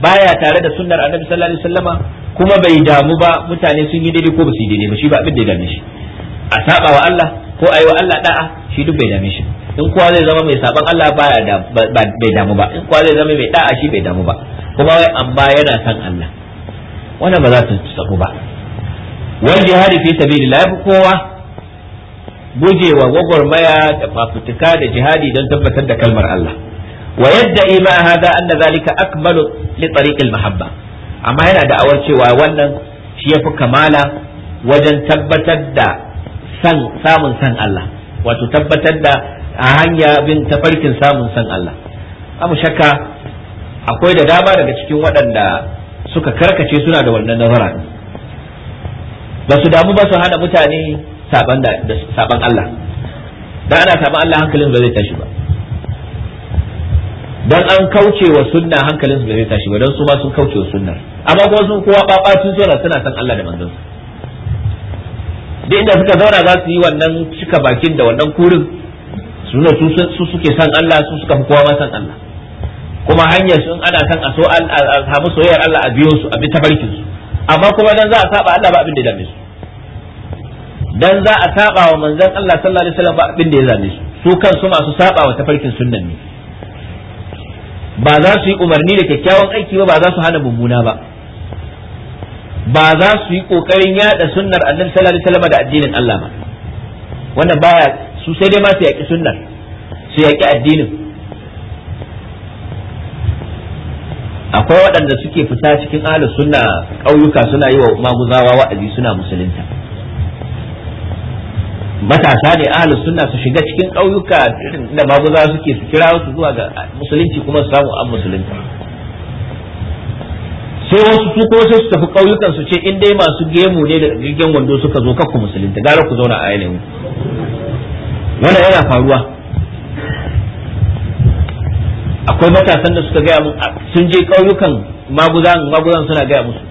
baya tare da sunnar annabi sallallahu alaihi wasallama kuma bai damu ba mutane sun yi daidai ko ba su yi daidai ba shi ba abin da ya dame shi a saba wa Allah ko ayi wa Allah da'a shi duk bai dame shi in kowa zai zama mai saban Allah baya da bai damu ba in kowa zai zama mai da'a shi bai damu ba kuma wai amma yana san Allah wannan ba za su tsaku ba wal jihadi fi sabilillah yafi kowa gujewa gwagwarmaya da fafutuka da jihadi don tabbatar da kalmar Allah wa yadda ima hada anna zalika akmalu li tariqil mahabba amma yana awar cewa wannan shi yafi kamala wajen tabbatar da san samun san Allah wato tabbatar da a hanya bin tafarkin samun san Allah amu shakka akwai da dama daga cikin waɗanda suka karkace suna da wannan nazara ba su damu ba su hana mutane saban Allah da ana saban Allah hankalin ba zai tashi ba dan an kauce wa sunna hankalin ba zai tashi ba dan su ma sun kauce wa sunnar amma kuma sun kowa babatun sura suna san Allah da manzon duk inda suka zauna za su yi wannan cika bakin da wannan kurin su ne su suke san Allah su suka fi kowa ma san Allah kuma hanyar sun ana san a so a samu soyayyar Allah a biyo su a bi tabarkin su amma kuma dan za a saba Allah ba abin da ya dame su dan za a saba wa manzon Allah sallallahu alaihi wasallam ba abin da ya dame su su kansu masu saba wa tafarkin sunnan ne ba za su yi umarni da kyakkyawan aiki ba ba za su hana mummuna ba ba za su yi kokarin yada sunnar annabi sallallahu alaihi wasallam da addinin Allah ba wannan baya su sai dai ma su yaki sunnar su yaki addinin akwai waɗanda suke fita cikin ahlus sunna ƙauyuka suna yi wa maguzawa wa'azi suna musulunta matasa ne ahlus sunna su shiga cikin ƙauyuka da maguzawa suke su kira su zuwa ga musulunci kuma su samu an musulunta sai wasu su kuma sai su tafi ƙauyukan su ce in dai masu gemu ne da jirgin wando suka zo kakku musulunta gara ku zauna a yanayin wannan yana faruwa akwai matasan da suka gaya mun sun je ƙauyukan maguzan maguzan suna gaya musu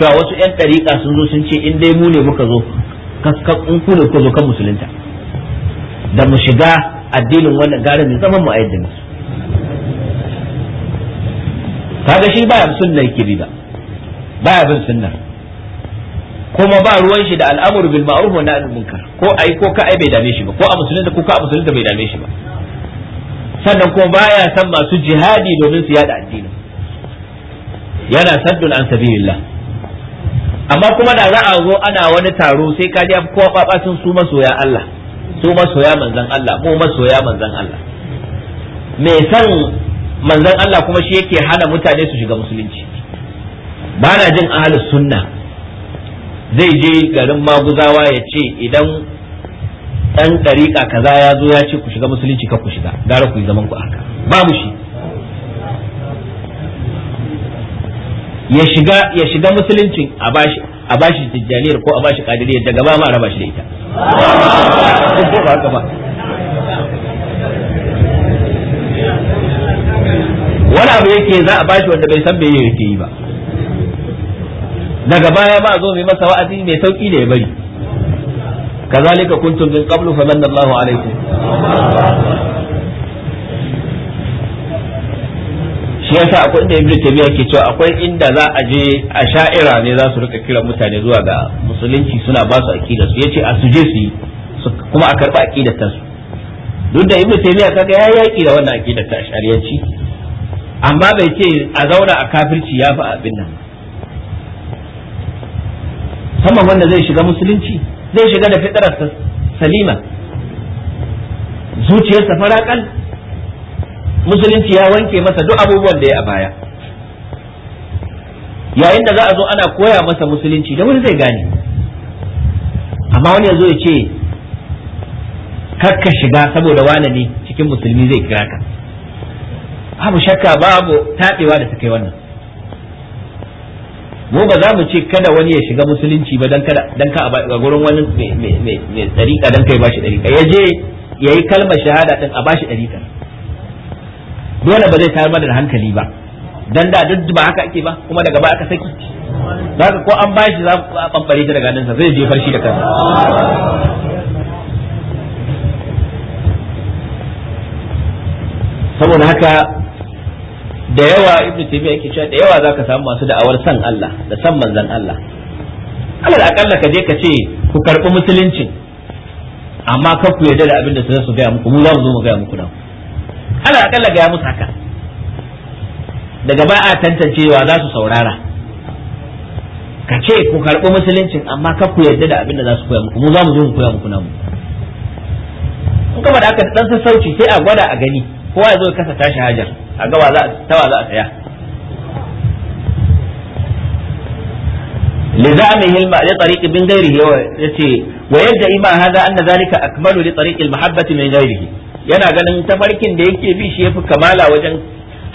cewa wasu 'yan ɗariƙa sun zo sun ce in dai mu ne muka zo in ku ne kuka zo kan musulunta da mu shiga addinin wannan garin ne zaman mu a yadda musu kaga shi baya sunna yake bi ba baya bin sunnar kuma ba ruwan shi da al'amur bil ma'ruf wa nahyi munkar ko ai ko ka ai bai dame shi ba ko a musulunta ko ka a musulunta bai dame shi ba sannan kuma baya san masu jihadi domin su yada addini yana saddun an sabilillah amma kuma da za a zo ana wani taro sai ka ji kowa sun su masoya Allah su masoya manzon Allah ko masoya manzon Allah me san manzon Allah kuma shi yake hana mutane su shiga musulunci ba na jin ahlus sunna zai je garin maguzawa ya ce idan dan dariƙa kaza ya zo ya ce ku shiga musulunci ka ku shiga gara ku yi zaman ku haka babu shi ya shiga ya shiga musuluncin a bashi a bashi tijjaniyar ko a bashi kadiriyar daga ba ma raba shi da ita wani abu yake za a bashi wanda bai san me yake yi ba daga baya ba zo mai masa wa'azi mai sauki da ya bari kazalika كنتم من قبل فمن Allahu alaikum shi yasa akwai inda ibnu tabiya ke cewa akwai inda za a je a sha'ira ne za su rika kira mutane zuwa ga musulunci suna ba su aqida su yace a suje su kuma a karba aqidar ta su duk da ibnu tabiya kaga ya yaki da wannan aqidar ta ashariyanci amma bai ce a zauna a kafirci ya fa abin nan wanda zai shiga musulunci zai shiga da fitarar salima zuciyarsa faraƙal musulunci ya wanke masa duk abubuwan da ya a baya yayin da za a zo ana koya masa musulunci da wani zai gane amma wani ya zo ya ce ka shiga saboda wane ne cikin musulmi zai kira ka babu shakka babu taɓewa da ta kai wannan mu ba za mu ce kada wani ya shiga musulunci ba dan kada dan ka a gurin wani mai tsarika dan kai bashi tsarika ya je yi kalmar shahada din a bashi tsarika dole ba zai tayar mana da hankali ba dan da duk ba haka ake ba kuma daga ba aka saki zaka ko an bashi za a bambare ta daga nan sa zai je farshi da kansa saboda haka da yawa ibnu tibi yake cewa da yawa zaka samu masu da'awar san Allah da san manzon Allah alal akalla ka je ka ce ku karbi musuluncin amma kar ku yarda da abin da su gaya muku mu za mu zo mu gaya muku nan alal akalla gaya musu haka daga ba a tantancewa za su saurara ka ce ku karbi musuluncin amma kar ku yarda da abin da za su koya muku mu za mu zo mu koya muku nan in kuma da aka dan sassauci sai a gwada a gani kowa ya zo ya kasa tashi hajar a ga za ta wa za a saya لزعمه الماء لطريق من غيره ويدعي مع هذا أن ذلك أكمل لطريق المحبة من غيره yana ganin tafarkin da yake bi shi yafi kamala wajen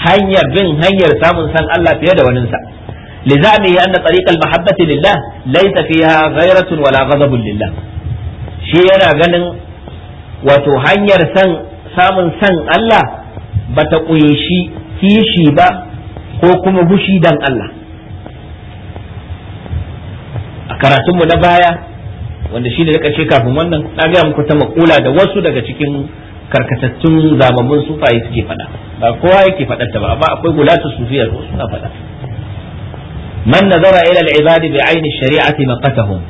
hanyar bin hanyar samun san Allah fiye da waninsa لزعمه أن طريق المحبة لله ليس فيها غيرة ولا غضب لله shi yana ganin wato hanyar san samun san Allah bata kunshi kishi ba ko kuma gushi dan Allah a karatunmu na baya wanda shi ne da ce kafin wannan na gaya muku ta makula da wasu daga cikin karkatattun zamamin sufaye suke fada, ba kowa yake faɗar ta ba amma akwai gulatu sufiya ko suna faɗa man nazara ila al-ibad bi aini shari'ati maqatahum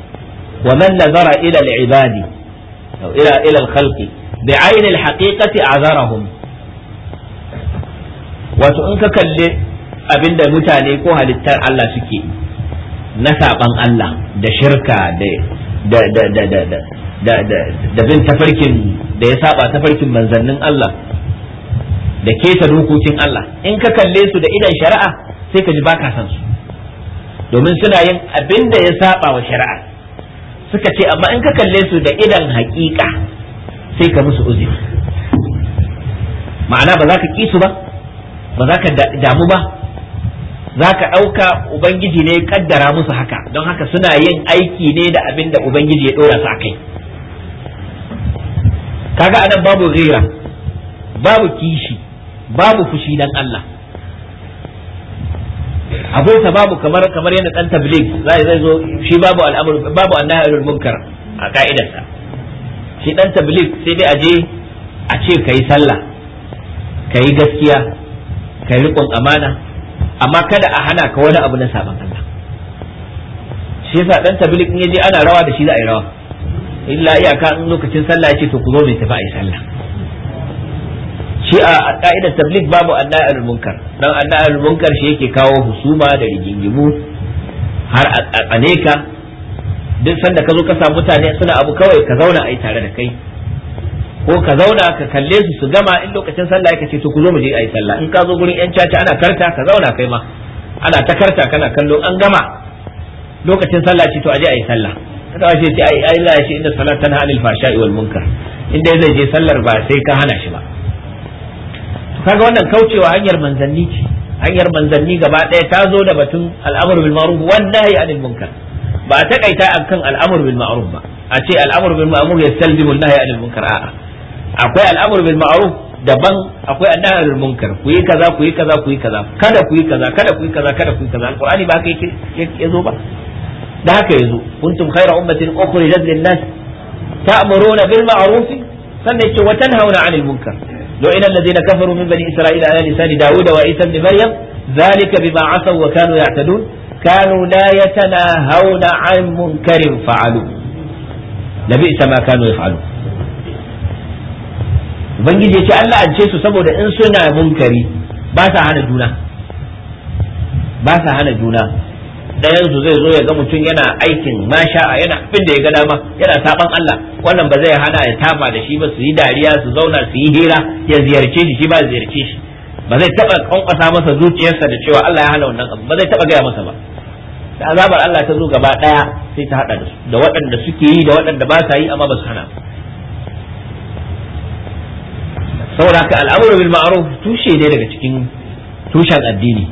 wa man nazara ila al-ibad ila ila al-khalqi bi aini al-haqiqati azarahum wato in ka kalle abinda mutane ko halittar Allah suke na saban Allah da shirka da da bin tafarkin da ya saba tafarkin manzannin Allah da kesa dokokin Allah in ka kalle su da idan shari'a sai ka ji baka san su domin suna yin abin da ya saba wa shari'a suka ce amma in ka kalle su da idan haƙiƙa sai ka musu uzuri ma'ana ba za ka ki su ba ba za ka damu ba za ka ɗauka ubangiji ne kaddara musu haka don haka suna yin aiki ne da abin da ubangiji ya ɗora su a kai kaga anan babu rera babu kishi babu fushi dan Allah abinsa babu kamar kamar yadda dan tablig zai zai zo shi babu al'amur babu annahi munkar a ka'idarsa shi dan tablig sai dai aje a ce kai sallah kai gaskiya kai riƙon amana amma kada a hana ka wani abu na saban Allah shi yasa dan tabilik in yaje ana rawa da shi za a yi rawa illa iyaka in lokacin sallah yace to ku zo mai tafi a yi sallah shi a ka'idar tablik babu al munkar dan al munkar shi yake kawo husuma da rigingimu har a tsane ka duk sanda ka zo ka samu mutane suna abu kawai ka zauna a yi tare da kai ko ka zauna ka kalle su su gama in lokacin sallah yake ce to ku zo mu je ayi sallah in ka zo gurin yan caca ana karta ka zauna kai ma ana ta karta kana kallo an gama lokacin sallah ce to aje ayi sallah kada ce ce ai Allah ya ce inna salata tanha anil fashai wal munkar inda zai je sallar ba sai ka hana shi ba to kaga wannan kaucewa hanyar manzanni ce hanyar manzanni gaba ɗaya ta zo da batun al'amru bil ma'ruf wan nahyi anil munkar ba a takaita akan al'amru bil ma'ruf ba a ce al'amru bil ma'ruf yasalbimu an-nahyi anil munkar a'a akwai al'amur bil ma'ruf daban akwai annahi bil munkar ku yi kaza ku yi kaza ku yi kaza kada ku yi kaza kada ku yi kaza kada ku yi kaza alqur'ani ba haka yake yazo ba da haka yazo kuntum khayra ummatin ukhrijat lin nas ta'muruna bil ma'ruf sannan yace wa tanhauna 'anil munkar لعن الذين كفروا من بني إسرائيل على لسان داود وعيسى بن مريم ذلك بما عصوا وكانوا يعتدون كانوا لا يتناهون عن منكر فعلوا لبئس ما كانوا يفعلون ubangiji ya ce Allah an ce su saboda in suna munkari ba sa hana juna ba sa hana juna ɗayan su zai zo ya ga mutum yana aikin a yana abin da ya ga dama yana saban Allah wannan ba zai hana ya taba da shi ba su yi dariya su zauna su yi hira ya ziyarce shi shi ba ziyarce shi ba zai taba kwankwasa masa zuciyarsa da cewa Allah ya hana wannan abu ba zai taba gaya masa ba da azabar Allah ta zo gaba daya sai ta hada da da waɗanda suke yi da waɗanda ba sa yi amma ba su hana ba saboda haka al'amuru bil ma'ruf tushe ne daga cikin tushen addini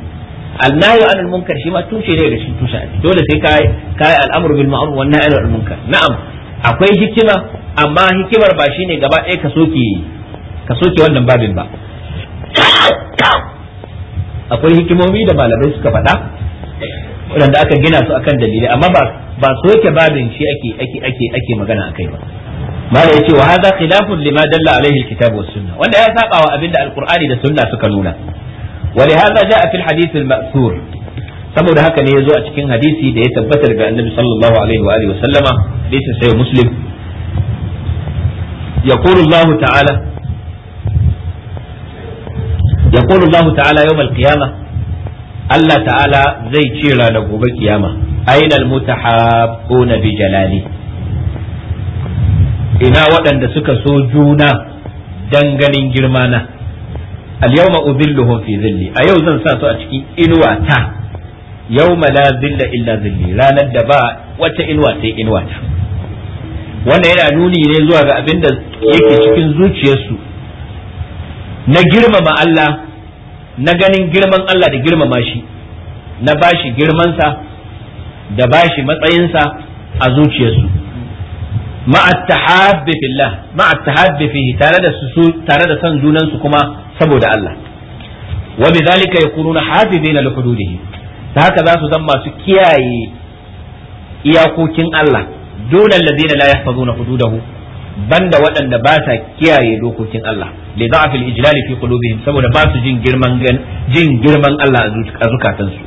annahi an al munkar shi ma tushe ne daga cikin tushen addini dole sai kai kai al'amuru bil ma'ruf wa nahy anil munkar na'am akwai hikima amma hikimar ba shine gaba ɗaya ka soke ka soke wannan babin ba akwai hikimomi da malamai suka faɗa waɗanda aka gina su akan dalilai amma ba ba soke babin shi ake ake ake ake magana akai ba mala yace wa hadha khilafun lima dalla alaihi alkitab was sunna wanda ya saba wa abinda alqur'ani da sunna suka nuna wa li hadha jaa fil hadith al saboda haka ne yazo a cikin hadisi da ya tabbatar ga annabi sallallahu alaihi wa alihi wa sallama ta'ala sai muslim يقول الله تعالى يقول الله تعالى يوم القيامة الله تعالى زي تشيرا لقوب القيامة أين المتحابون بجلالي ina waɗanda suka so juna ganin girma na al-yawma udhilluhum fi dhilli a yau zan sa su a cikin inuwa ta yawma la dhilla illa dhilli ranar da ba wata inuwa sai inuwa ta wannan yana nuni ne zuwa ga abin da yake cikin zuciyarsu na girmama Allah na ganin girman Allah da girmama shi na bashi girmansa da bashi matsayinsa a zuciyarsu ma'a tahabbi fillah ma'a tahabbi fihi tare da su tare da san junan su kuma saboda Allah wa bidhalika yakununa hafizina li hududihi ta haka za su zama masu kiyaye iyakokin Allah dunan ladina la yahfazuna hududahu banda waɗanda ba sa kiyaye dokokin Allah li da'afil ijlali fi qulubihim saboda ba su jin girman jin girman Allah a zukatansu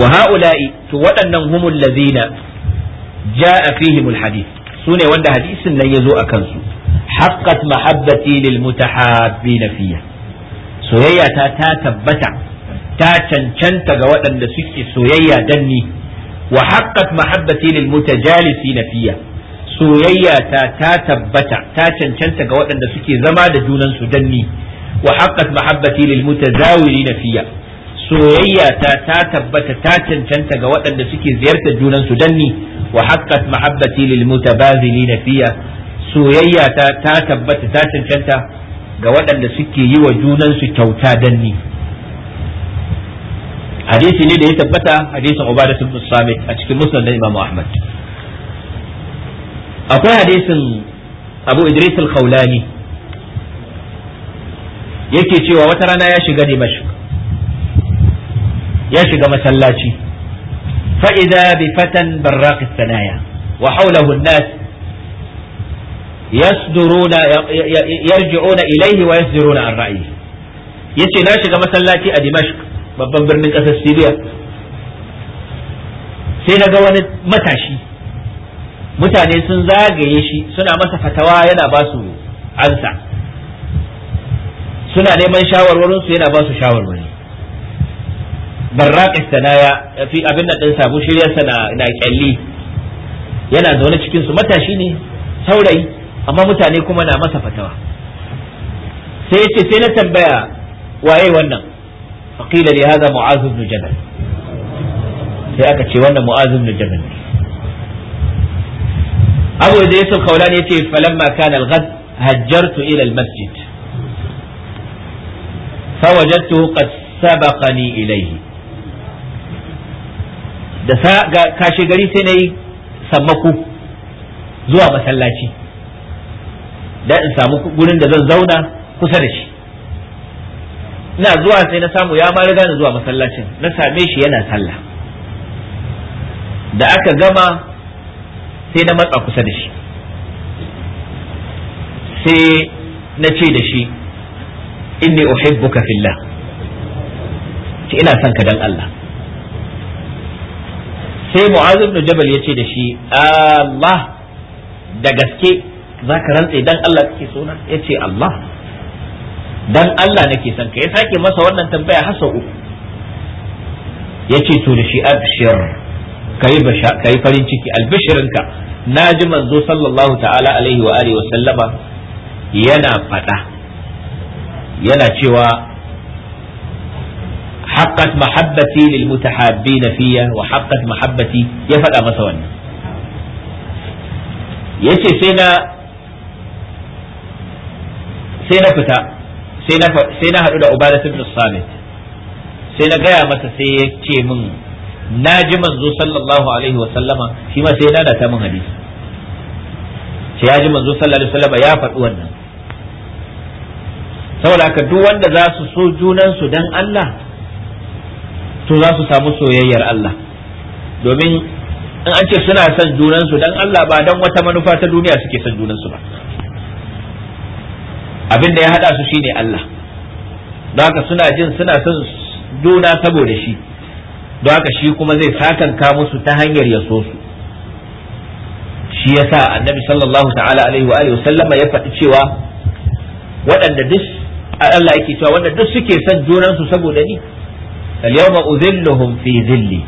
wa ha'ula'i to waɗannan humul ladina ja'a fihimul hadith su ne wanda hadisin nan ya zo a kansu haqqat mahabbati lil mutahabbina fiya soyayya ta ta tabbata ta cancanta ga waɗanda suke soyayya danni wa haqqat mahabbati lil mutajalisina fiya soyayya ta tabbata ta cancanta ga waɗanda suke zama da junansu danni wa haqqat mahabbati lil mutazawirina fiya soyayya ta ta tabbata ta cancanta ga waɗanda suke ziyartar junan su danni wa haqqat mahabbati lil mutabazilina fiya soyayya ta ta tabbata ta cancanta ga waɗanda suke yi wa junan su kyauta danni hadisi ne da ya tabbata hadisin ubada ibn samit a cikin musnad da imam ahmad akwai hadisin abu idris al-khawlani yake cewa wata rana ya shiga dimashq ya shiga masallaci Fa'ida idza bi fatan barraq sanaya wa hawlahu an-nas yarji'una wa yasduruna an ra'yi yace na shiga masallaci a Dimashq babban birnin ƙasar siriya sai na ga wani matashi mutane sun zagaye shi suna masa fatawa yana ba su ansa suna neman shawarwarinsu yana ba su shawarwari na sanaya eh, fi abin da ɗin sabu shiryarsa na ƙyalli. yana zaune cikinsu matashi ne saurayi amma mutane kuma na masa fatawa sai ce sai na tambaya waye wannan faqila ne haza mu'az ibn jabal sai aka ce wannan mu'az ibn jabal abu da yusuf kaulani yace falamma kana al-ghad hajjartu ila al-masjid فوجدته قد سبقني إليه da sa kashe gari sai na yi sammako zuwa masallaci da in samu gurin da zan zauna kusa da shi ina zuwa sai na samu ya ma riga zuwa masallacin na same shi yana sallah da aka gama sai na matsa kusa da shi sai na ce da shi inni uhibbuka fillah ki ina son ka dan Allah sai mu'azu ibn jabal yace da shi Allah da gaske zaka rantse dan Allah kake so na yace Allah dan Allah nake son ka ya sake masa wannan tambaya hasa uku yace to da shi abshir kai basha kai farin ciki albishirinka naji manzo sallallahu ta'ala alaihi wa alihi wa sallama yana fada yana cewa haqqat mahabbati lil mutahabbina fiyya wa haqqat mahabbati ya faɗa masa wannan yace sai na sai na fita sai na haɗu da ubadat ibn samit sai na gaya masa sai ya ce min na ji manzo sallallahu alaihi wa sallama shi ma sai na da ta min hadisi sai ya ji manzo sallallahu alaihi wa sallama ya faɗi wannan saboda haka duk wanda za su so junansu dan Allah to za su samu soyayyar Allah domin in an ce suna son junansu dan Allah ba dan wata manufa ta duniya suke son junansu ba abin da ya haɗa su shine Allah don haka suna jin suna son juna saboda shi don haka shi kuma zai sakanka musu ta hanyar ya so su shi yasa annabi sallallahu ta'ala alaihi wa sallama ya faɗi cewa waɗanda duk Allah yake cewa waɗanda duk suke son junansu saboda ni al-yawma udhilluhum fi dhilli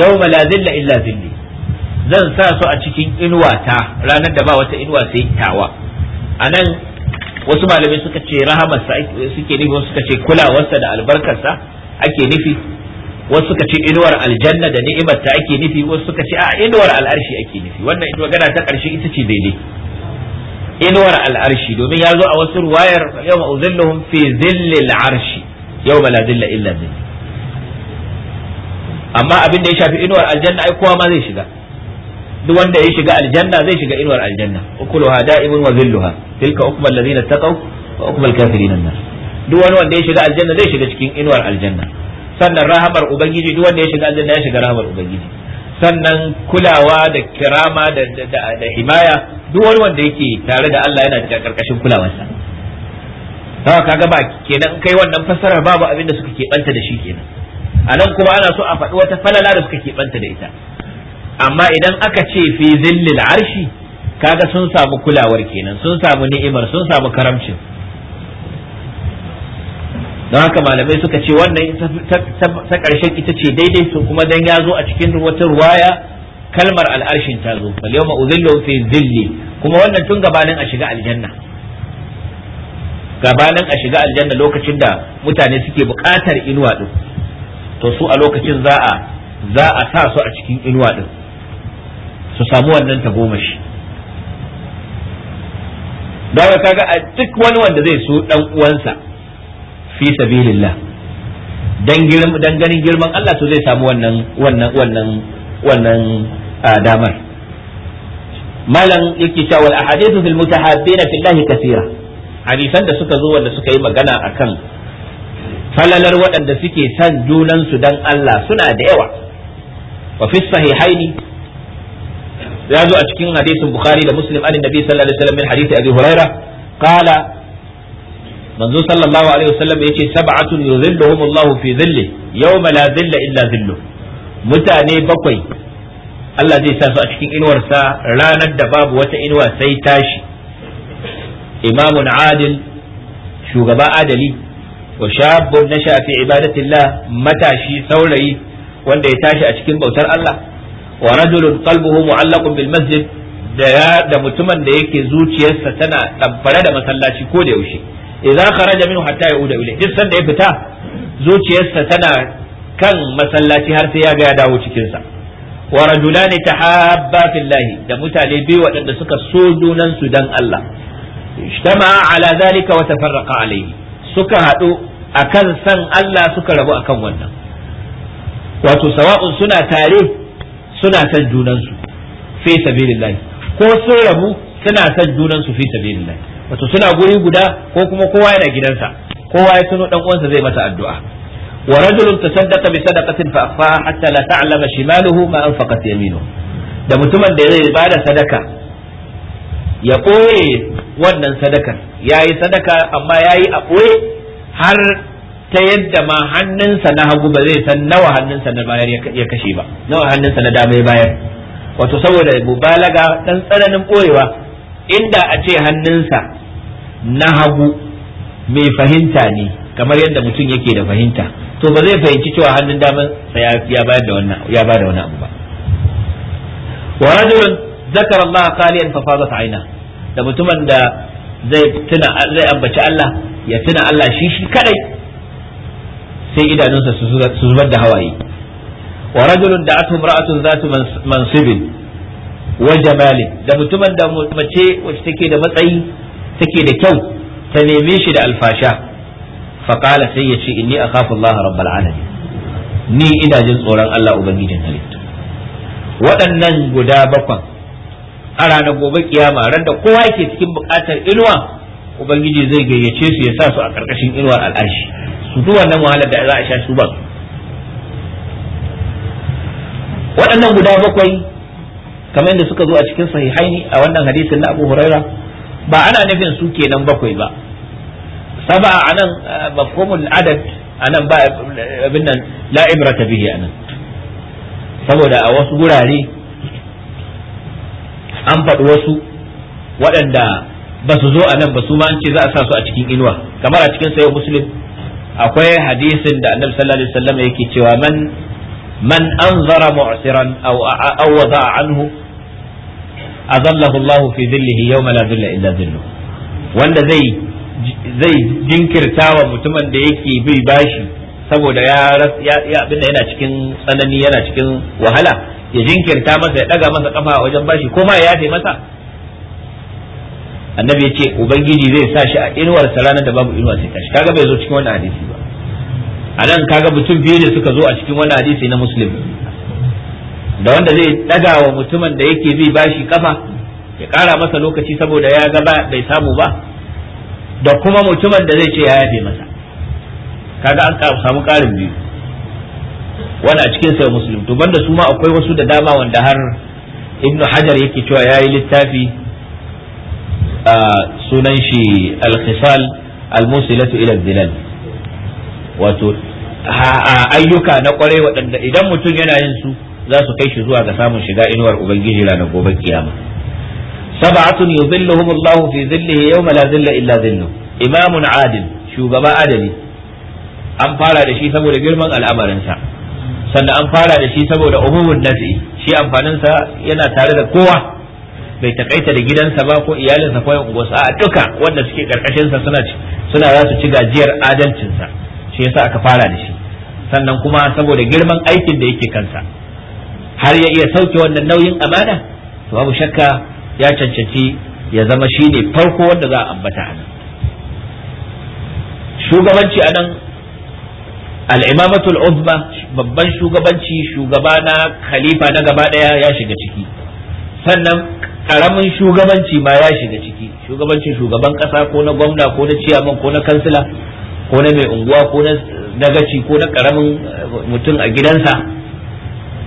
yawma la dhilla illa dhilli zan sa su a cikin inuwa ta ranar da ba wata inuwa sai tawa nan, wasu malamai suka ce rahamarsa suke nufi wasu suka ce kulawarsa da albarkarsa ake nufi wasu suka ce inuwar aljanna da ni'imarta ake nufi wasu suka ce a inuwar al'arshi ake nufi wannan ita gana ta ƙarshe ita ce daidai inuwar al'arshi domin ya zo a wasu ruwayar yau ma'uzilluhum fi zillil arshi yau ma la zilla illa zilli amma abin da ya shafi inuwar aljanna ai kowa ma zai shiga duk wanda ya shiga aljanna zai shiga inuwar aljanna ukuluha da'imun wa zilluha tilka ukmal ladina taqaw wa ukmal kafirin annar duk wani wanda ya shiga aljanna zai shiga cikin inuwar aljanna sannan rahamar ubangiji duk wanda ya shiga aljanna ya shiga rahamar ubangiji sannan kulawa da kirama da himaya duk wani wanda yake tare da Allah yana cikin karkashin kulawarsa haka kaga ba kenan kai wannan fasarar babu abin da suka ke banta da shi kenan A nan kuma ana so a faɗi wata falala da suka keɓanta da ita amma idan aka ce fi zillil arshi kaga sun samu kulawar kenan sun samu ni'imar sun samu karamcin don haka malamai suka ce wannan ta ƙarshen ita ce daidai to kuma dan ya zo a cikin wata ruwaya kalmar al'arshin ta zo fal yawma udhillu fi zilli kuma wannan tun gabanin a shiga aljanna gabanin a shiga aljanna lokacin da mutane suke buƙatar inuwa din to su a lokacin za a za a sa su a cikin inuwa din su samu wannan tagomashi dawa kaga a duk wani wanda zai so dan uwansa fi sabilillah dan ganin girman Allah to zai samu wannan wannan wannan wannan damar malam yake cewa wal ahadithu fil mutahabbina fillahi kaseera hadisan da suka zo wanda suka yi magana akan falalar waɗanda suke san junansu dan Allah suna da yawa wa fi sahihaini ya zo a cikin hadisin bukhari da muslim an nabi sallallahu alaihi wasallam min hadisi abi huraira qala manzo sallallahu alaihi wasallam yace sab'atun yuzilluhum Allah fi dhilli yawma la dhilla illa dhillu mutane bakwai Allah zai sa su a cikin inuwarsa ranar da babu wata inuwa sai tashi imamun adil shugaba adali wa shabun nasha fi ibadatillah matashi saurayi wanda ya tashi a cikin bautar Allah wa rajulun qalbuhu mu'allaqun bil masjid da da mutumin da yake zuciyarsa tana ɗamfare da masallaci ko da yaushe idan kharaja minhu hatta yauda ilayhi duk sanda ya fita zuciyarsa tana kan masallaci har sai ya ga ya dawo cikin sa wa rajulani tahabba fillahi da mutane biyu waɗanda suka so junan su dan Allah ijtama'a ala zalika wa tafarraqa alayhi suka haɗu akan san Allah suka rabu akan wannan wato sawa'un suna tare suna san junansu fi sabilillahi ko sun rabu suna san junansu fi sabilillahi wato suna guri guda ko kuma kowa yana gidansa kowa ya tuno dan uwansa zai masa addu'a wa rajulun tasaddaqa bi da fa Fafa hatta la ta'lama shimaluhu ma anfaqat yaminuhu da mutumin da zai bada sadaka ya ɓoye wannan sadakar ya yi sadaka amma ya yi a ɓoye har ta yadda ma hannunsa na hagu ba zai san nawa hannunsa na bayar ya kashe ba nawa hannunsa na dama ya bayar wato saboda mubalaga dan tsananin ɓoyewa inda a ce hannunsa na hagu mai fahimta ne kamar yadda mutum yake da fahimta to ba zai fahimci cewa hannun daman ya bayar da ya ba da wani abu ba wa rajulun Allah qaliyan fa fadat aina da mutumin da zai tuna zai ambaci Allah ya tuna Allah shi shi kadai sai idanunsa su zubar da hawaye wa rajulun da atu ra'atun zatu mansibin wa jamalin da mutumin da mace wacce take da matsayi take da kyau ta neme shi da alfasha faqala sai ya ce inni akhafu Allah rabbal alamin ni ina jin tsoron Allah ubangijin halittu waɗannan guda bakwai a ranar gobe kiyama ran da kowa yake cikin bukatar inuwa ubangiji zai gayyace su ya sa su a karkashin inuwar al'arshi su duk wannan wahalar da za a sha su ba waɗannan guda bakwai kamar yadda suka zo a cikin sahihaini a wannan hadisin na Abu Huraira ba ana nufin su kenan bakwai ba saba anan mafhumul adad a nan ba abin nan la bihi a nan, saboda a wasu wurare an faɗi wasu waɗanda ba su zo a nan ba su ma an ce za a sa su a cikin inuwa kamar a cikin sayo muslim akwai hadisin da annabi sallallahu alaihi wasallam yake cewa man man anzara mu'siran aw aw wada'a anhu azallahu Allah fi dhillihi yawma la dhilla illa dhillu wanda zai zai jinkirtawa mutumin da yake bi bashi saboda ya ya abinda yana cikin tsanani yana cikin wahala ya jinkirta masa ya daga masa kafa wajen bashi ko ma ya yafe masa annabi ya ce ubangiji zai sa shi a inuwar ranar da babu inuwa sai tashi kaga bai zo cikin wani hadisi ba a nan kaga mutum biyu ne suka zo a cikin wani hadisi na muslim da wanda zai daga wa mutumin da yake bi bashi kafa ya kara masa lokaci saboda ya gaba bai samu ba da kuma mutumin da zai ce ya yafe masa kaga an samu karin biyu wani a cikin sa muslim to banda su ma akwai wasu da dama wanda har ibnu hajar yake cewa ya yi littafi a sunan shi al-khisal al-musilatu ila zilal wato ayyuka na kwarai waɗanda idan mutum yana yin su za su kai shi zuwa ga samun shiga inuwar ubangiji ranar gobe kiyama sab'atun yuzilluhum Allah fi zillihi yawma la zilla illa zillu imamun adil shugaba adali an fara da shi saboda girman al'amarinsa sannan an fara da shi saboda umumin nazi shi amfaninsa yana tare da kowa bai takaita da gidansa ba ko iyalinsa ko yan a duka wanda suke karkashinsa sa suna suna za su ci gajiyar adalcinsa, shi yasa aka fara da shi sannan kuma saboda girman aikin da yake kansa har ya iya sauke wannan nauyin amana to babu shakka ya cancanci ya zama shine farko wanda za a ambata a nan shugabanci a nan al'imamatul uzma babban shugabanci shugaba na khalifa na gaba daya ya shiga ciki sannan karamin shugabanci ma ya shiga ciki shugabancin shugaban ƙasa ko na gwamna ko na ciyaman ko na kansila ko na mai unguwa ko na dagaci ko na karamin eh, mutum a gidansa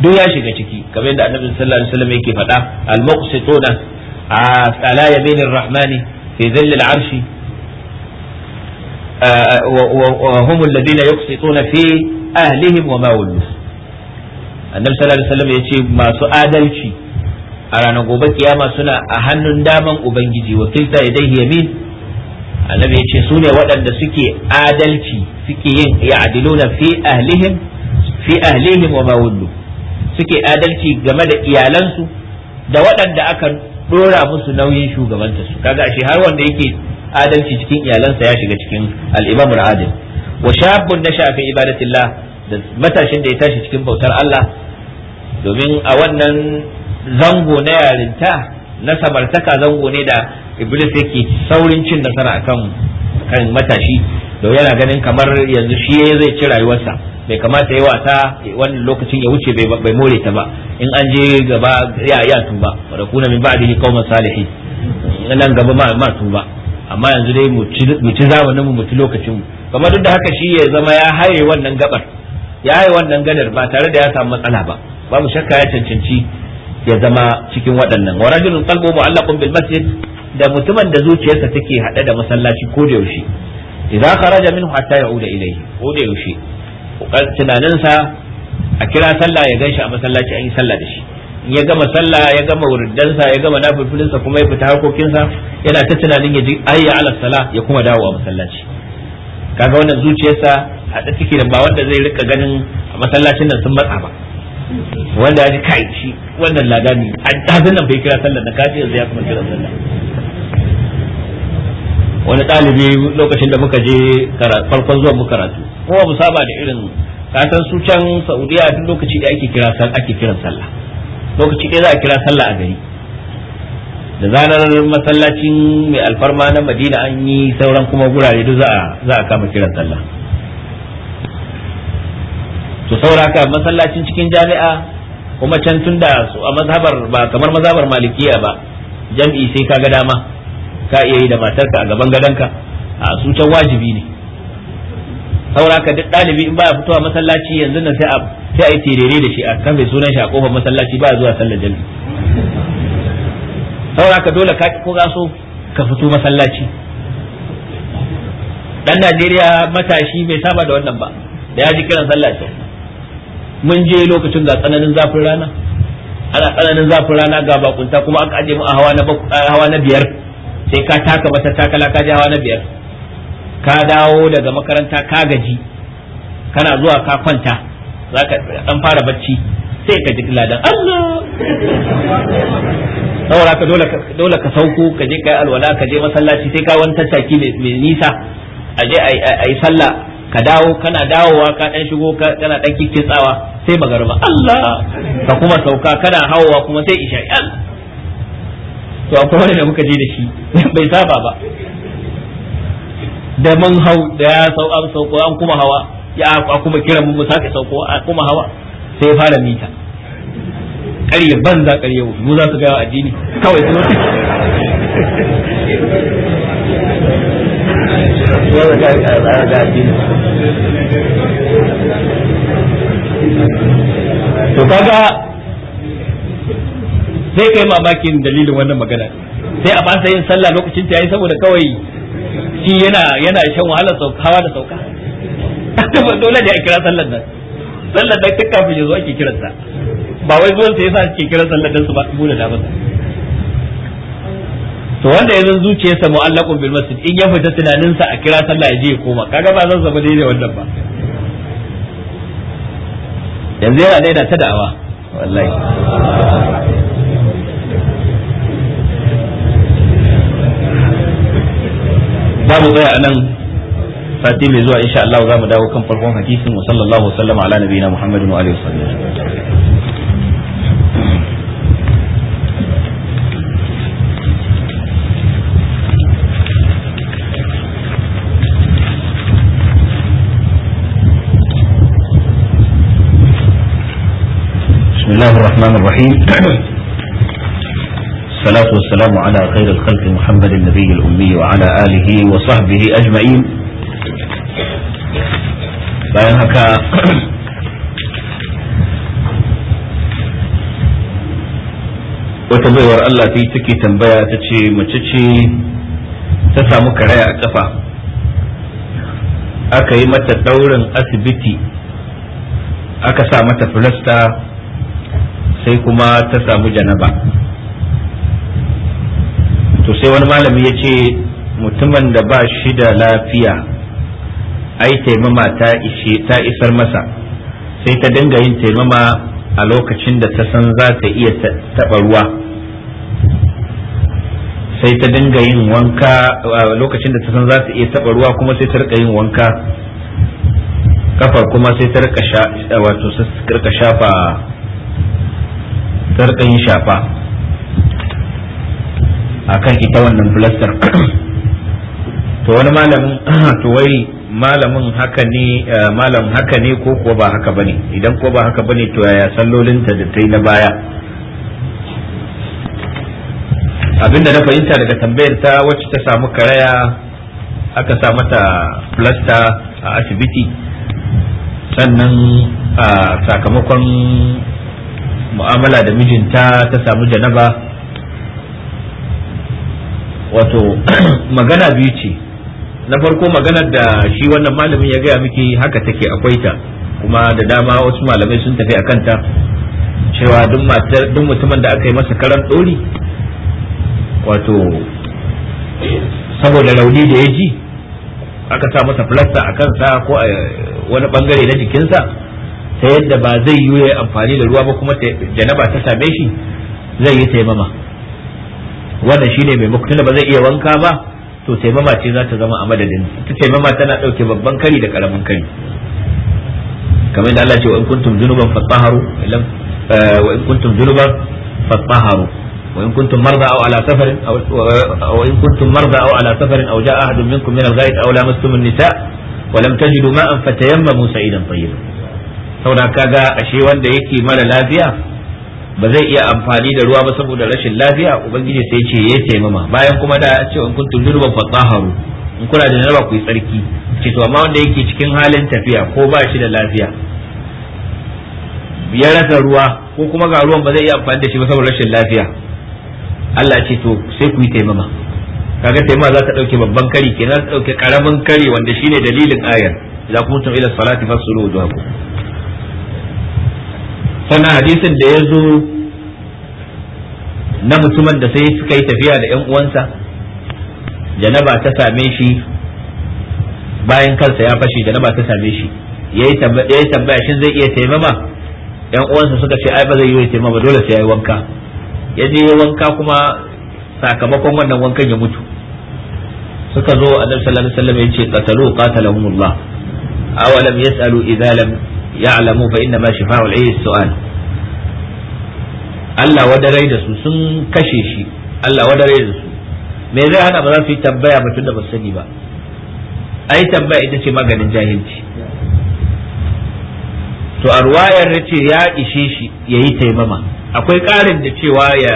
duk ya shiga ciki kamar yadda annabi sallallahu alaihi wasallam yake faɗa al-muqsituna ala yaminir rahmani fi dhillil arshi وهم الذين يقسطون في أهلهم وما ولوا النبي صلى الله عليه وسلم يقول ما سؤادلشي a ranar gobe kiyama suna a hannun daman ubangiji wakilta idai yamin annabi ya ce su ne waɗanda suke adalci suke yin ya'diluna fi ahlihim fi ahlihim wa mawullu suke adalci game da iyalansu da waɗanda aka dora musu nauyin shugabanta su kaga ashe har wanda yake adalci cikin iyalansa ya shiga cikin al-imam al-adil wa shabun nasha fi ibadatillah da matashin da ya tashi cikin bautar Allah domin a wannan zango na yarinta na samartaka zango ne da iblis yake saurin cin nasara akan kan matashi da yana ganin kamar yanzu shi zai ci rayuwarsa bai kamata yi wasa wani lokacin ya wuce bai more ta ba in an je gaba ya ya tuba wa da kuna min kawo qauman salihin nan gaba ma ma tuba amma yanzu dai mu ci zamanin mu mutu lokacin mu kamar duk da haka shi ya zama ya haye wannan gabar ya haye wannan gadar ba tare da ya samu matsala ba ba mu shakka ya cancanci ya zama cikin waɗannan wa rajulun qalbu mu'allaqun bil masjid da mutumin da zuciyarsa take hade da masallaci ko da yaushe idza kharaja minhu hatta ya'uda ilayhi ko da yaushe tunaninsa a kira sallah ya gaishe a masallaci an yi sallah da shi ya gama sallah ya gama wurdansa ya gama nafilfilinsa kuma ya fita harkokinsa yana ta tunanin ya ji ayya ala sala ya kuma dawo a masallaci kaga wannan zuciyarsa a take da ba wanda zai rika ganin masallacin nan sun matsa ba wanda ya ji kai shi wannan ladani a tafin nan bai kira sallar da kaji yanzu ya kuma kira sallah wani ɗalibi lokacin da muka je farkon zuwa muka karatu kuma mu saba da irin kasan su can saudiya duk lokaci da ake kira ake kiran sallah lokaci ɗaya za a kira sallah a gari da zarar masallacin mai alfarma na madina an yi sauran kuma gurare duk za a kama kiran sallah to sauraka masallacin cikin jami'a kuma can tun da su a mazhabar ba kamar mazhabar malikiya ba jam'i sai ka ga dama ka iya yi da matarka a gaban gadonka a su can wajibi ne saura ka duk ɗalibi in baya fitowa masallaci yanzu nan sai a sai a yi tirere da shi a kan mai sunan shi a kofar masallaci baya zuwa sallar jami'i saura ka dole ka ko so ka fito masallaci dan Najeriya matashi bai saba da wannan ba da ya ji kiran sallah mun je lokacin ga tsananin zafin rana ana tsananin zafin rana ga bakunta kuma aka aje mu a hawa na hawa na biyar sai ka taka mata takala ka je hawa na biyar ka dawo daga makaranta ka gaji kana zuwa ka kwanta za ka dan fara bacci sai ka ji ladan Allah saboda ka dole ka sauko ka je kai alwala ka je masallaci sai ka wani tattaki mai nisa a je a yi sallah ka dawo kana dawowa ka dan shigo kana dan kikkitsawa sai magaruba Allah ka kuma sauka kana hawowa kuma sai isha'i to akwai wani da muka je da shi bai saba ba da mun hau da ya sau an sauko an kuma hawa ya a kuma kiran mu sake sauko a kuma hawa sai ya fara mita ban za kariya mu za su gaya addini kawai su to kaga sai kai mamakin dalilin wannan magana sai a ba yin sallah lokacin ta yi saboda kawai shi yana yana shan wahalar hawa da sauka dole ne a kira sallar nan sallar nan tun kafin ya zo ake kiransa ba wai zuwan sa yasa ake kira sallar nan su ba mu da masa to wanda ya zan zuciyarsa mu'allaqun bil masjid in ya fita tunaninsa a kira sallah ya je ya koma kaga ba zan zama daidai wannan ba yanzu yana daina ta da'awa wallahi za mu tsaya a nan sati mai zuwa insha Allah za mu dawo kan farkon hadisin wa sallallahu wasallama ala nabiyina Muhammadin wa alihi wasallam بسم الله الرحمن الرحيم والصلاة والسلام على خير الخلق محمد النبي الأمي وعلى آله وصحبه أجمعين bayan haka wata baiwar Allah ta yi take tambaya ta ce mace ce ta samu karaya a kafa aka yi mata ɗaurin asibiti aka sa mata filasta sai kuma ta samu janaba to sai wani malami ya ce mutumin da ba shi da lafiya ai taimama ta ishe ta isar masa sai ta dinga yin taimama a lokacin da ta san za ta iya taɓa ruwa sai ta dinga yin wanka a lokacin da ta san za ta iya taɓa ruwa kuma sai ta rika yin wanka kafar kuma sai ta rika wato sai ta rika shafa ta rika yin shafa akan ita wannan filastar to wani malamin to wai malamin haka ne eh, malam haka ne ko kuwa ba haka bane idan ko ba haka bane to yaya ta da ta na baya abinda na fahimta daga tambayar ta wacce ta samu karaya aka sa mata filasta a asibiti sannan a ah, sakamakon mu'amala da mijinta ta samu janaba wato magana biyu ce na farko maganar da shi wannan malamin ya gaya miki haka take akwai ta kuma da dama wasu malamai sun tafi a kanta cewa duk mutumin da aka yi masa karan ɗori wato saboda rauni da ya ji aka sa masa filasta a kansa ko a wani bangare na jikinsa ta yadda ba zai yi amfani da ruwa ba kuma janaba ta same shi zai yi taimama wannan shine mai muku tunda ba zai iya wanka ba to taimama ce za ta zama a madadin ta taimama tana ɗauke babban kari da karamin kari kamar da Allah ce wa in kuntum junuban fatahharu eh, wa in kuntum junuban fatahharu wa in kuntum marda aw ala safarin wa in kuntum marda aw ala safarin aw jaa ahadun minkum min al-ghaid aw lamastum an-nisa wa lam tajidu ma'an fatayammamu sa'idan tayyiban saboda kaga ashe wanda yake mara lafiya ba zai iya amfani da ruwa ba saboda rashin lafiya ubangiji sai ce ya taimama bayan kuma da ce in kuntum durban fatsaharu in kuna da janaba ku yi tsarki ce to amma wanda yake cikin halin tafiya ko ba shi da lafiya ya rasa ruwa ko kuma ga ruwan ba zai iya amfani da shi ba saboda rashin lafiya Allah ce to sai ku yi taimama kaga taimama za ta dauke babban kari kenan za ta dauke karamin kari wanda shine dalilin ayar idan kuntum ila salati fasulu wujuhakum sannan hadisin da ya zo na mutumin da sai suka yi tafiya da 'yan uwansa janaba ta same shi bayan kansa ya fashe janaba ta same shi ya yi tambaya shin zai iya taimama yan uwansa suka ce ai ba zai yi taimama dole sai ya yi wanka ya je ya wanka kuma sakamakon wannan wankan ya mutu suka zo annabi sallallahu alaihi wasallam ya ce qatalu qatalahumullah awalam yasalu idza lam ya'lamu fa inna ma shifa'ul ayyi su'al Allah wadarai da su sun kashe shi Allah wadarai da su me zai hana ba za su yi tambaya mutum da ba sani ba ai tambaya ita ce maganin jahilci to a ruwayar ya ce ya ishe shi ya yi taimama akwai ƙarin da cewa ya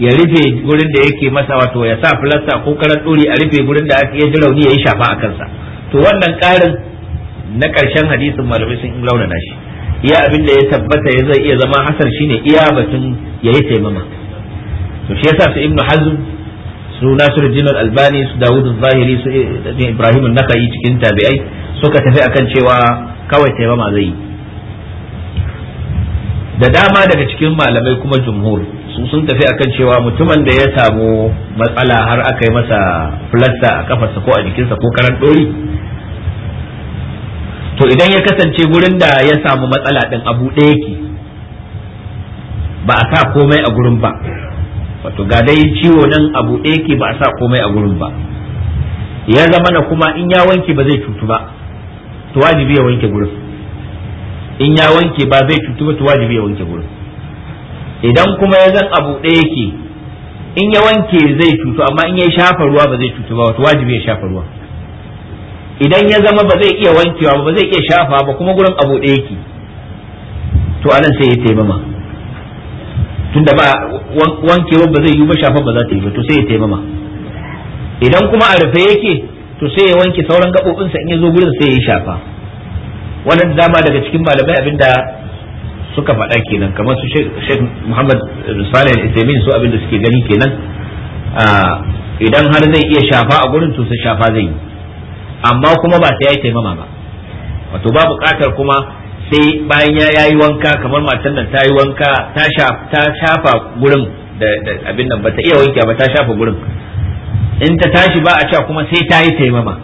ya rufe gurin da yake masa wato ya sa filasta ko karar a rufe gurin da ya ji rauni ya yi shafa a kansa to wannan ƙarin na ƙarshen hadisin malamai sun launana shi iya abin da ya tabbata ya zai iya zama hasar shine iya batun ya yi taimama to shi yasa su ibnu hazm su nasir jinal albani su dawud zahiri su ibrahim naka'i cikin tabi'ai suka tafi akan cewa kawai taimama zai yi da dama daga cikin malamai kuma jumhur su sun tafi akan cewa mutumin da ya samu matsala har aka yi masa filasta a kafarsa ko a jikinsa ko karan dori to idan ya kasance gurin da ya samu matsala din abu ɗaya yake ba a sa komai a gurin ba wato ga dai ciwo nan abu ɗaya yake ba a sa komai a gurin ba ya zama na kuma in ya wanke ba zai cutu ba to wajibi ya wanke gurin in ya wanke ba zai cutu ba to wajibi ya wanke gurin idan kuma ya zan abu ɗaya yake in ya wanke zai cutu amma in ya shafa ruwa ba zai cutu ba wato wajibi ya shafa ruwa idan ya zama ba zai iya wankewa ba zai iya shafa ba kuma gurin abu ɗaya yake to anan sai ya taimama tunda ba wankewa ba zai yi ba shafa ba za ta yi ba to sai ya taimama idan kuma a rufe yake to sai ya wanke sauran gaɓoɓinsa in ya zo gurin sai ya shafa wannan dama daga cikin malamai abinda suka faɗa kenan kamar su shek Muhammad Salih Al-Uthaymeen su abinda suke gani kenan ah, idan har zai iya shafa a gurin to sai shafa zai yi amma kuma ba sai ya yi taimama ba wato ba buƙatar kuma sai bayan ya yayi wanka kamar matan nan ta yi wanka ta shafa gurin da abin nan ba ta iya wanke ba ta shafa gurin in ta tashi ba a cewa kuma sai ta yi taimama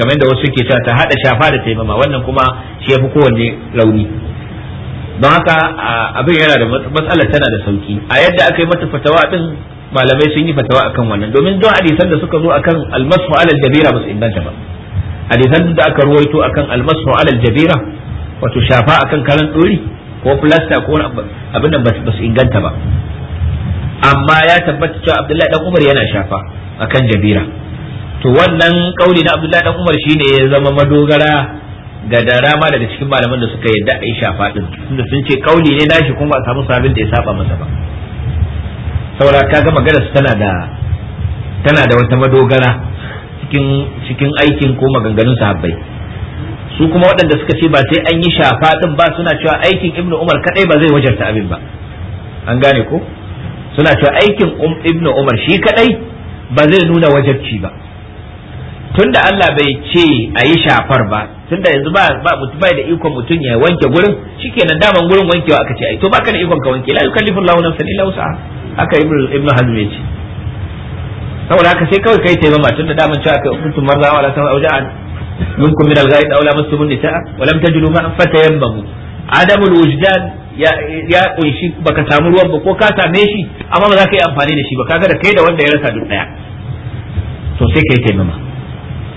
kamar da wasu ke cewa ta hada shafa da taimama wannan kuma shi yafi kowanne rauni don haka abin yana da matsalar tana da sauki a yadda aka yi mata fatawa din malamai sun yi fatawa akan wannan domin don hadisan da suka zo akan almasu alal jabira ba su inganta ba hadisan da aka ruwaito akan almasu ala jabira wato shafa akan karan dori ko plaster ko abin nan ba su inganta ba amma ya tabbata cewa abdullahi dan umar yana shafa akan jabira to wannan kauli na abdullahi dan umar shine ya zama madogara ga darama daga cikin malaman da suka yadda a yi shafa din tunda sun ce kauli ne nashi kuma ba a samu sabin da ya saba masa ba saboda kaga magana tana da tana da wata madogara cikin cikin aikin ko maganganun sahabbai su kuma waɗanda suka ce ba sai an yi shafa din ba suna cewa aikin ibnu umar kadai ba zai wajarta abin ba an gane ko suna cewa aikin um, ibnu umar shi kadai ba zai nuna wajarci ba tunda Allah bai ce a yi shafar ba tunda yanzu ba ba mutum bai da ikon mutum ya wanke gurin shikenan daman gurin wankewa aka ce ai to baka da ikon ka wanke la yukallifu Allahu nafsan illa wus'aha haka ibnu ibnu hazm ya ce saboda haka sai kawai kai taimama tun da daman cewa kai kuntum marza wa la tawaja'an minkum min al-ghaid aw lamastum an-nisaa wa lam tajidu ma'an fatayammamu adamul wujdan ya ya kunshi baka samu ruwan ba ko ka same shi amma ba za ka yi amfani da shi ba kaga da kai da wanda ya rasa duk daya to sai kai taimama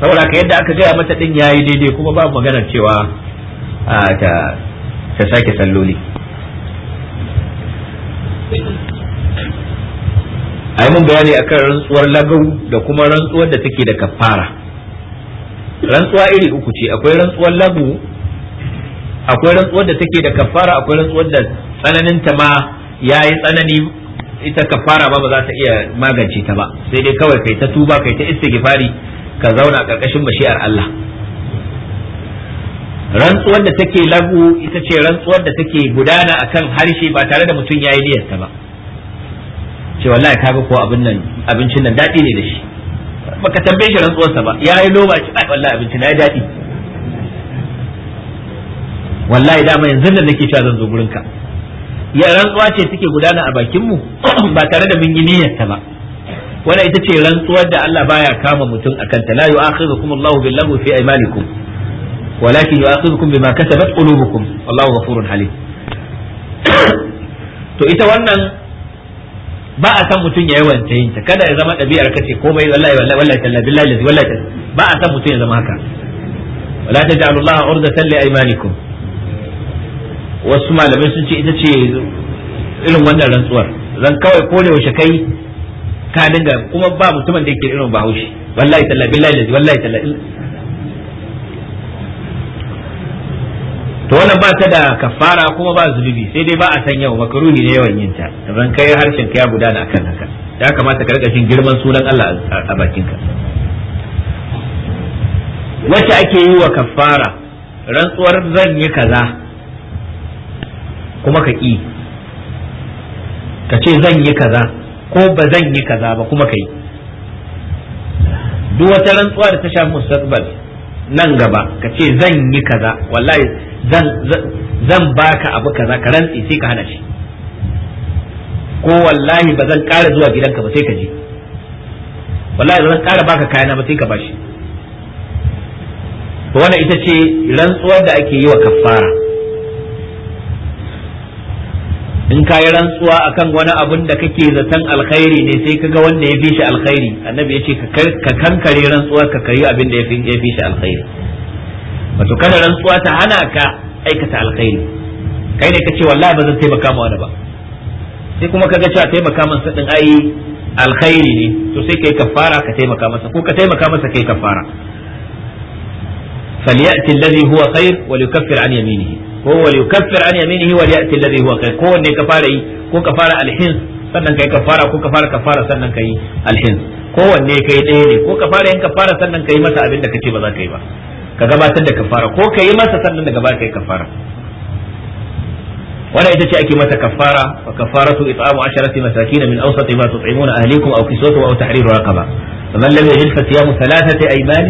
saboda haka yadda aka gaya mata din yayi daidai kuma ba maganar cewa ta ta sake salloli a yi mun bayani akan rantsuwar lagau da kuma rantsuwar da take da kafara rantsuwa iri uku ce akwai rantsuwar lagu akwai rantsuwar da take da kafara akwai rantsuwar da tsananin ta ma yayi tsanani ita kafara ba ba za ta iya magance ta ba sai dai kawai kai ta tuba kai ta istighfari ka zauna karkashin mashi'ar Allah rantsuwar da take lagu ita ce rantsuwar da take gudana akan harshe ba tare da mutum yayi niyyar ta ba ce wallahi kaga ko abin nan abincin nan daɗi ne da shi baka tambaye shi rantsuwar sa ba ya yi loba ce ai wallahi abincin ya daɗi wallahi dama yanzu nan nake cewa zan zo gurin ka ya rantsuwa ce suke gudana a bakin mu ba tare da mun yi ta ba wannan ita ce rantsuwar da Allah baya kama mutum akan ta la yu'akhidhukum Allahu billahu fi aymanikum walakin yu'akhidhukum bima kasabat qulubukum Allahu ghafurun halim to ita wannan ba a san mutum ya yi wancayin ta kada ya zama ɗabi'ar kace komai wallahi wallahi wallahi talla billahi lazi wallahi talla ba a san mutum ya zama haka wala taj'alu Allah urdatan li aymanikum wasu malamai sun ce ita ce irin wannan rantsuwar zan kawai ko da yaushe kai ka dinga kuma ba mutumin da yake irin bahaushe wallahi talla billahi lazi wallahi talla to wannan ba ta da kafara kuma ba zulubi sai dai ba a san yau makaruni ne yawan yin ta zan kai harshen ka ya gudana akan haka ya kamata ka rika jin girman sunan Allah a bakinka wacce ake yi wa kafara rantsuwar zan yi kaza kuma ka ƙi ka ce zan yi kaza ko ba zan yi kaza ba kuma ka yi duk wata rantsuwa da ta shafi mustaqbal nan gaba ka ce zan yi kaza wallahi zan baka abu kaza ka rantsi sai ka hana shi ko wallahi ba zan ƙara zuwa gidanka ba sai ka je wallahi ba zan ƙara baka kayana ba sai ka bashi wannan ita ce rantsuwar da ake yi wa kafara in ka yi rantsuwa akan wani abun da kake zaton alkhairi ne sai ka ga wanda ya fi shi alkhairi annabi ya ce ka kankare rantsuwar ka kari abin da ya fi shi alkhairi wato kada rantsuwa ta hana ka aikata alkhairi kai ne kace wallahi ba zan taimaka ma wani ba sai kuma kaga cewa taimaka masa din ai alkhairi ne to sai kai kafara ka taimaka masa ko ka taimaka masa kai kafara فليأتي الذي هو خير وليكفر عن يمينه ko وليكفر yukaffir an yaminihi wa yati alladhi huwa khair ko kafara alhin sannan kai kafara ko kafara kafara sannan kai alhins kowanne kai ɗaya ne ko kafara yin kafara sannan kai masa abin da kace ba za ka yi ba ka gabatar da kafara ko ka yi masa sannan da gaba kai kafara wannan ita ce ake mata kafara wa kafaratu it'amu asharati masakin min awsati ma tut'imuna ahlikum aw kiswatuhum aw tahriru raqaba faman lam yajid fasiyamu thalathati ayman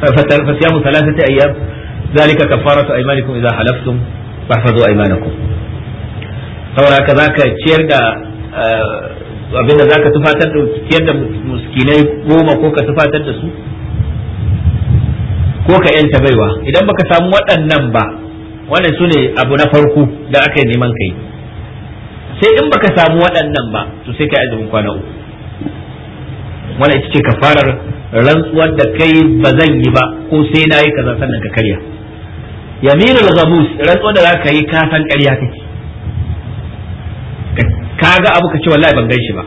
fasiyamu thalathati ayyam ذلك كفارة أيمانكم إذا حلفتم فاحفظوا أيمانكم saboda haka za ka ciyar da eh, abin da za ka tufatar da ciyar da muskinai goma ko ka tufatar da su ko ka yanta baiwa idan baka samu waɗannan ba wannan su ne abu na farko da aka yi neman kai sai in baka samu waɗannan ba to sai ka yi azumin kwana uku wannan ita ce kafarar rantsuwar da kai ba zan yi ba ko sai na yi kaza sannan ka karya yaminul ghamus rantsuwar da za ka yi ka san karya kake ka ga abu ka ce wallahi ban ganshi ba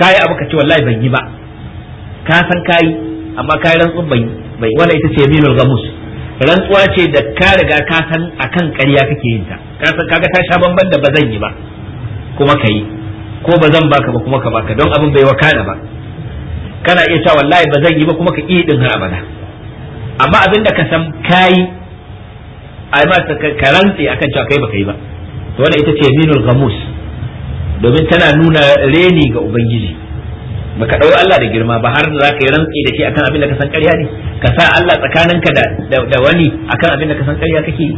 ka yi abu ka ce wallahi ban yi ba ka san ka yi amma ka yi rantsuwar ban yi bai wala ita ce yaminul gamus rantsuwa ce da ka riga ka san akan ƙarya kake yin ta ka san kaga ta sha banban da bazan yi ba kuma ka yi ko bazan baka ba kuma ka baka don abin bai wakana ba kana iya cewa wallahi bazan yi ba kuma ka iya din har abada amma abin da ka san kai ai ma ka rantsi akan cewa kai baka yi ba to wannan ita ce yaminul gamus domin tana nuna reni ga ubangiji baka dau Allah da girma ba har za ka yi rantsi da shi akan abin da ka san ƙarya ne ka sa Allah tsakaninka da da wani akan abin da ka san ƙarya kake yi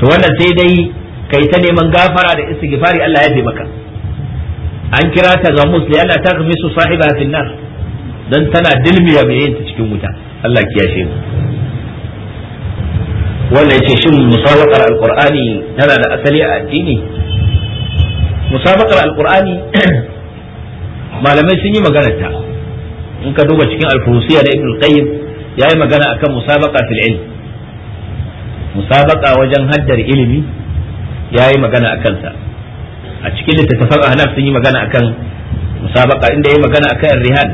to wannan sai dai kai ta neman gafara da istighfari Allah ya maka an kira ta ga musli Allah ta gamisu sahiba fil nar dan tana dilmiya mai yin ta cikin wuta Allah ki yashe mu wannan yace shin musabaqar alqur'ani tana da asali a addini musabaqar alqur'ani malamai sun yi magana ta in ka duba cikin alfusiya na ibn qayyim ya yi magana akan musabaqa fil ilm musabaqa wajen haddar ilimi ya yi magana a kansa a cikin littattafan ahnaf sun yi magana akan musabaqa inda ya yi magana akan rihan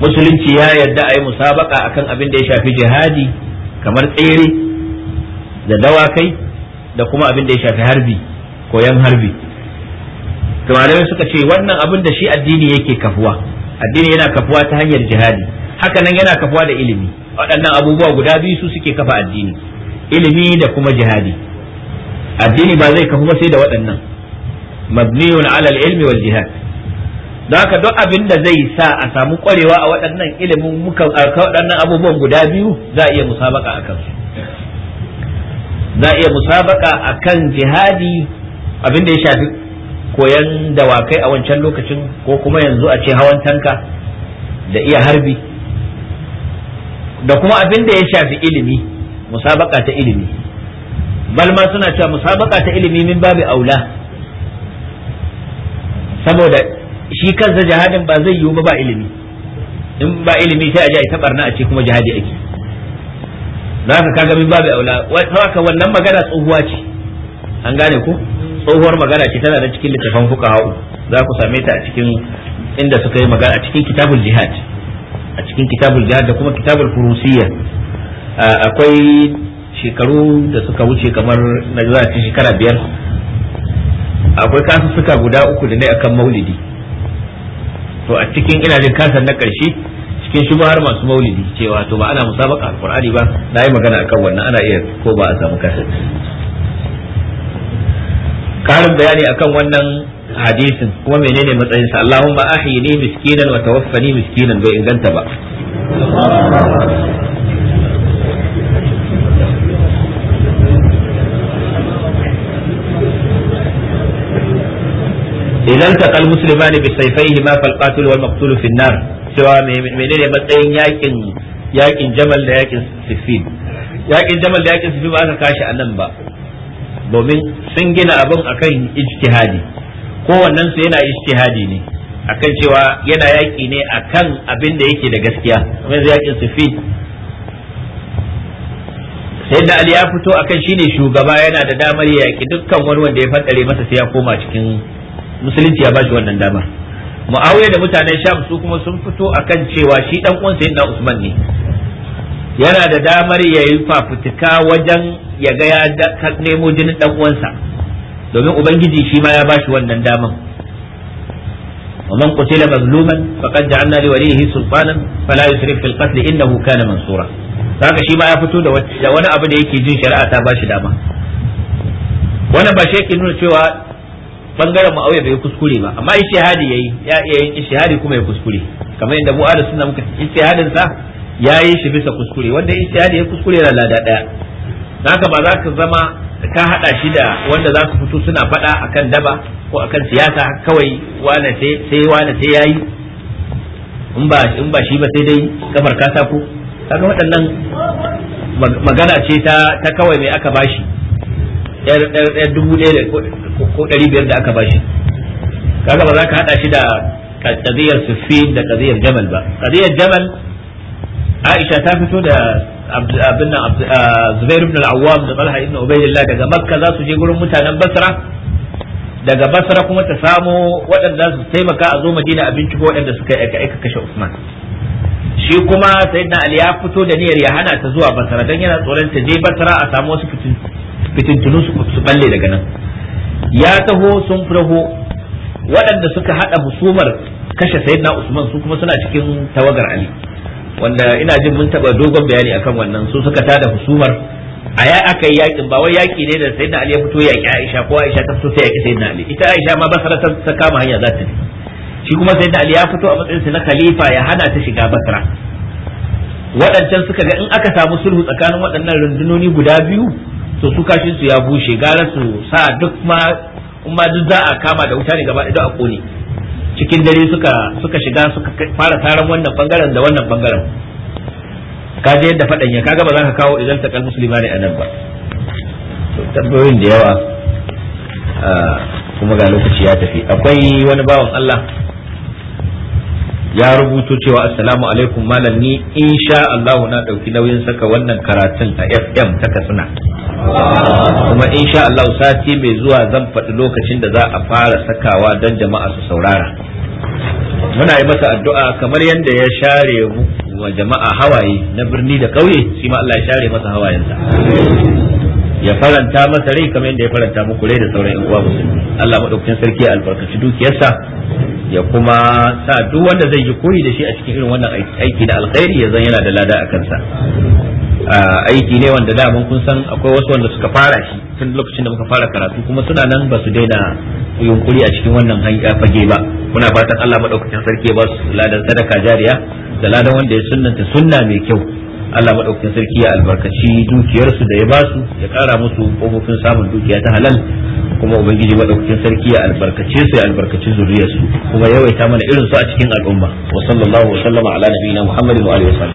musulunci ya yarda a yi musabaqa akan abin da ya shafi jihadi kamar tsere da dawakai da kuma abin da ya shafi harbi koyan harbi to malamai suka ce wannan abin da shi addini yake kafuwa addini yana kafuwa ta hanyar jihadi haka nan yana kafuwa da ilimi waɗannan abubuwa guda biyu su suke kafa addini ilimi da kuma jihadi addini ba zai kafu ba sai da waɗannan mabniyun ala ilmi wal jihad don haka duk abin da zai sa a samu kwarewa a waɗannan ilimin muka waɗannan abubuwan guda biyu za iya musabaka a kansu za iya musabaka a kan jihadi abin da ya shafi koyan dawakai a wancan lokacin ko kuma yanzu a ce hawan tanka da iya harbi da kuma abin da ya shafi ilimi musabaka ta ilimi balma suna cewa musabaka ta ilimi min babu aula saboda shi kansa jihadin ba zai yiwu ba ba ilimi in ba ilimi sai a ji a ta barna a ce kuma jihadi ake za ka kaga min babu aula haka wannan magana tsohuwa ce an gane ko tsohuwar magana ce tana da cikin fuka hau. za ku same ta a cikin inda suka yi magana a cikin kitabul jihad a cikin kitabul jihad da kuma kitabul furusiyya akwai shekaru da suka wuce kamar na za a shekara biyar akwai suka guda uku da ne akan maulidi to a cikin ina jin kasan na karshe cikin har masu maulidi cewa to ba ana musabaka alqur'ani ba na yi magana akan wannan ana iya ko ba a samu kasan karin bayani akan wannan hadisin kuma menene matsayin sa Allahumma ahyini miskinan wa tawaffani miskinan bai inganta ba idan taqal muslimani bi sayfayhi ma fal qatil wal maqtul fi an-nar cewa menene matsayin yakin yakin jamal da yakin sifin yakin jamal da yakin sifin ba aka kashi a nan ba domin sun gina abin akan ijtihadi kowannen su yana ijtihadi ne akan cewa yana yaƙi ne akan abin da yake da gaskiya yanzu yaƙin fi sai da ali ya fito akan shine shugaba yana da damar ya yaƙi dukkan wani wanda ya faɗare masa sai ya koma cikin musulunci ya bashi wannan dama. muawiya da mutanen sham su kuma sun fito akan cewa shi dan uwan sayyidina usman ne yana da damar ya yi fafutuka wajen ya ga ya nemo jinin dan uwansa domin ubangiji shi ma ya bashi wannan damar wa man qutila mazluman faqad ja'alna li walihi sultanan fala yusrif fil qatl innahu kana mansura haka shi ma ya fito da wani abu da yake jin shari'a ta bashi dama wannan ba shi yake nuna cewa bangaren mu'awiya bai kuskure ba amma ishihadi yayi ya iya ishihadi kuma ya kuskure kamar inda mu ahlus sunna muka ishihadin sa ya yi shi bisa kuskure wanda in ya kuskure na lada daya haka ba za ka zama ka hada shi da wanda za su fito suna faɗa akan daba ko akan siyasa kawai wane sai wane sai yayi in ba in ba shi ba sai dai kamar sako. kaga waɗannan magana ce ta ta kawai mai aka bashi yar dubu ɗaya ko ɗari biyar da aka bashi kaga ba za ka hada shi da kadiyar sufin da kadiyar jamal ba kadiyar jamal aisha ta fito da abin nan ah, zubair ibn al-awwam da talha ibn ubaydillah daga makka za su je gurin mutanen basra daga basra kuma ta samo waɗanda su taimaka a zo madina a binciko waɗanda suka aika kashe usman shi kuma sayyidina ali ya fito da niyyar ya hana ta zuwa basra dan yana tsoron ta je basra a samu wasu fitintunu su balle daga nan ya taho sun furaho waɗanda suka haɗa husumar kashe sayyidina usman su kuma suna cikin tawagar ali wanda ina jin mun taba dogon bayani akan wannan su suka tada husumar a ya aka yi yakin ba wai yaki ne da sayyidina ali ya fito yaki aisha ko aisha ta fito sai yaki sayyidina ali ita aisha ma basra ta, ta kama hanya za ta shi kuma sayyidina ali ya fito a matsayin sa na khalifa ya hana ta shiga basra waɗancan suka ga in aka samu sulhu tsakanin waɗannan rundunoni guda biyu to su kashin su ya bushe gara su sa duk ma in ma duk za a kama da wuta ne gaba ɗaya a kone cikin dare suka suka shiga suka fara taron wannan bangaren da wannan bangaren ka je yadda faɗan ya kaga ba za ka kawo idan ta kal musulma ne anan ba tabbayoyin da yawa kuma ga lokaci ya tafi akwai wani bawan Allah ya rubuto cewa assalamu alaikum malam ni insha Allah na dauki nauyin saka wannan karatun a FM ta Katsina kuma in sha Allah sati mai zuwa zan faɗi lokacin da za a fara sakawa don jama'a su saurara muna yi masa addu'a kamar yadda ya share wa jama'a hawaye na birni da kauye, shi ma Allah ya share masa hawayensa ya faranta masa rai kamar yadda ya faranta muku rai da sauran yan uwa musulmi Allah madaukakin sarki ya albarkaci dukiyarsa ya kuma sa duk wanda zai yi koyi da shi a cikin irin wannan aiki na alkhairi ya zan yana da lada a kansa aiki ne wanda da mun kun san akwai wasu wanda suka fara shi tun lokacin da muka fara karatu kuma suna nan ba su daina yunkuri a cikin wannan hanya fage ba muna fatan Allah madaukakin sarki ba su ladan sadaka jariya da ladan wanda ya sunnanta sunna mai kyau Allah madaukakin sarki ya albarkaci dukiyarsu da ya ba su ya kara musu kofofin samun dukiya ta halal kuma ubangiji madaukakin sarki ya albarkace su ya albarkaci zuriyarsu kuma yawaita mana irin su a cikin al'umma wa sallallahu wa sallama ala nabiyina muhammadin wa alihi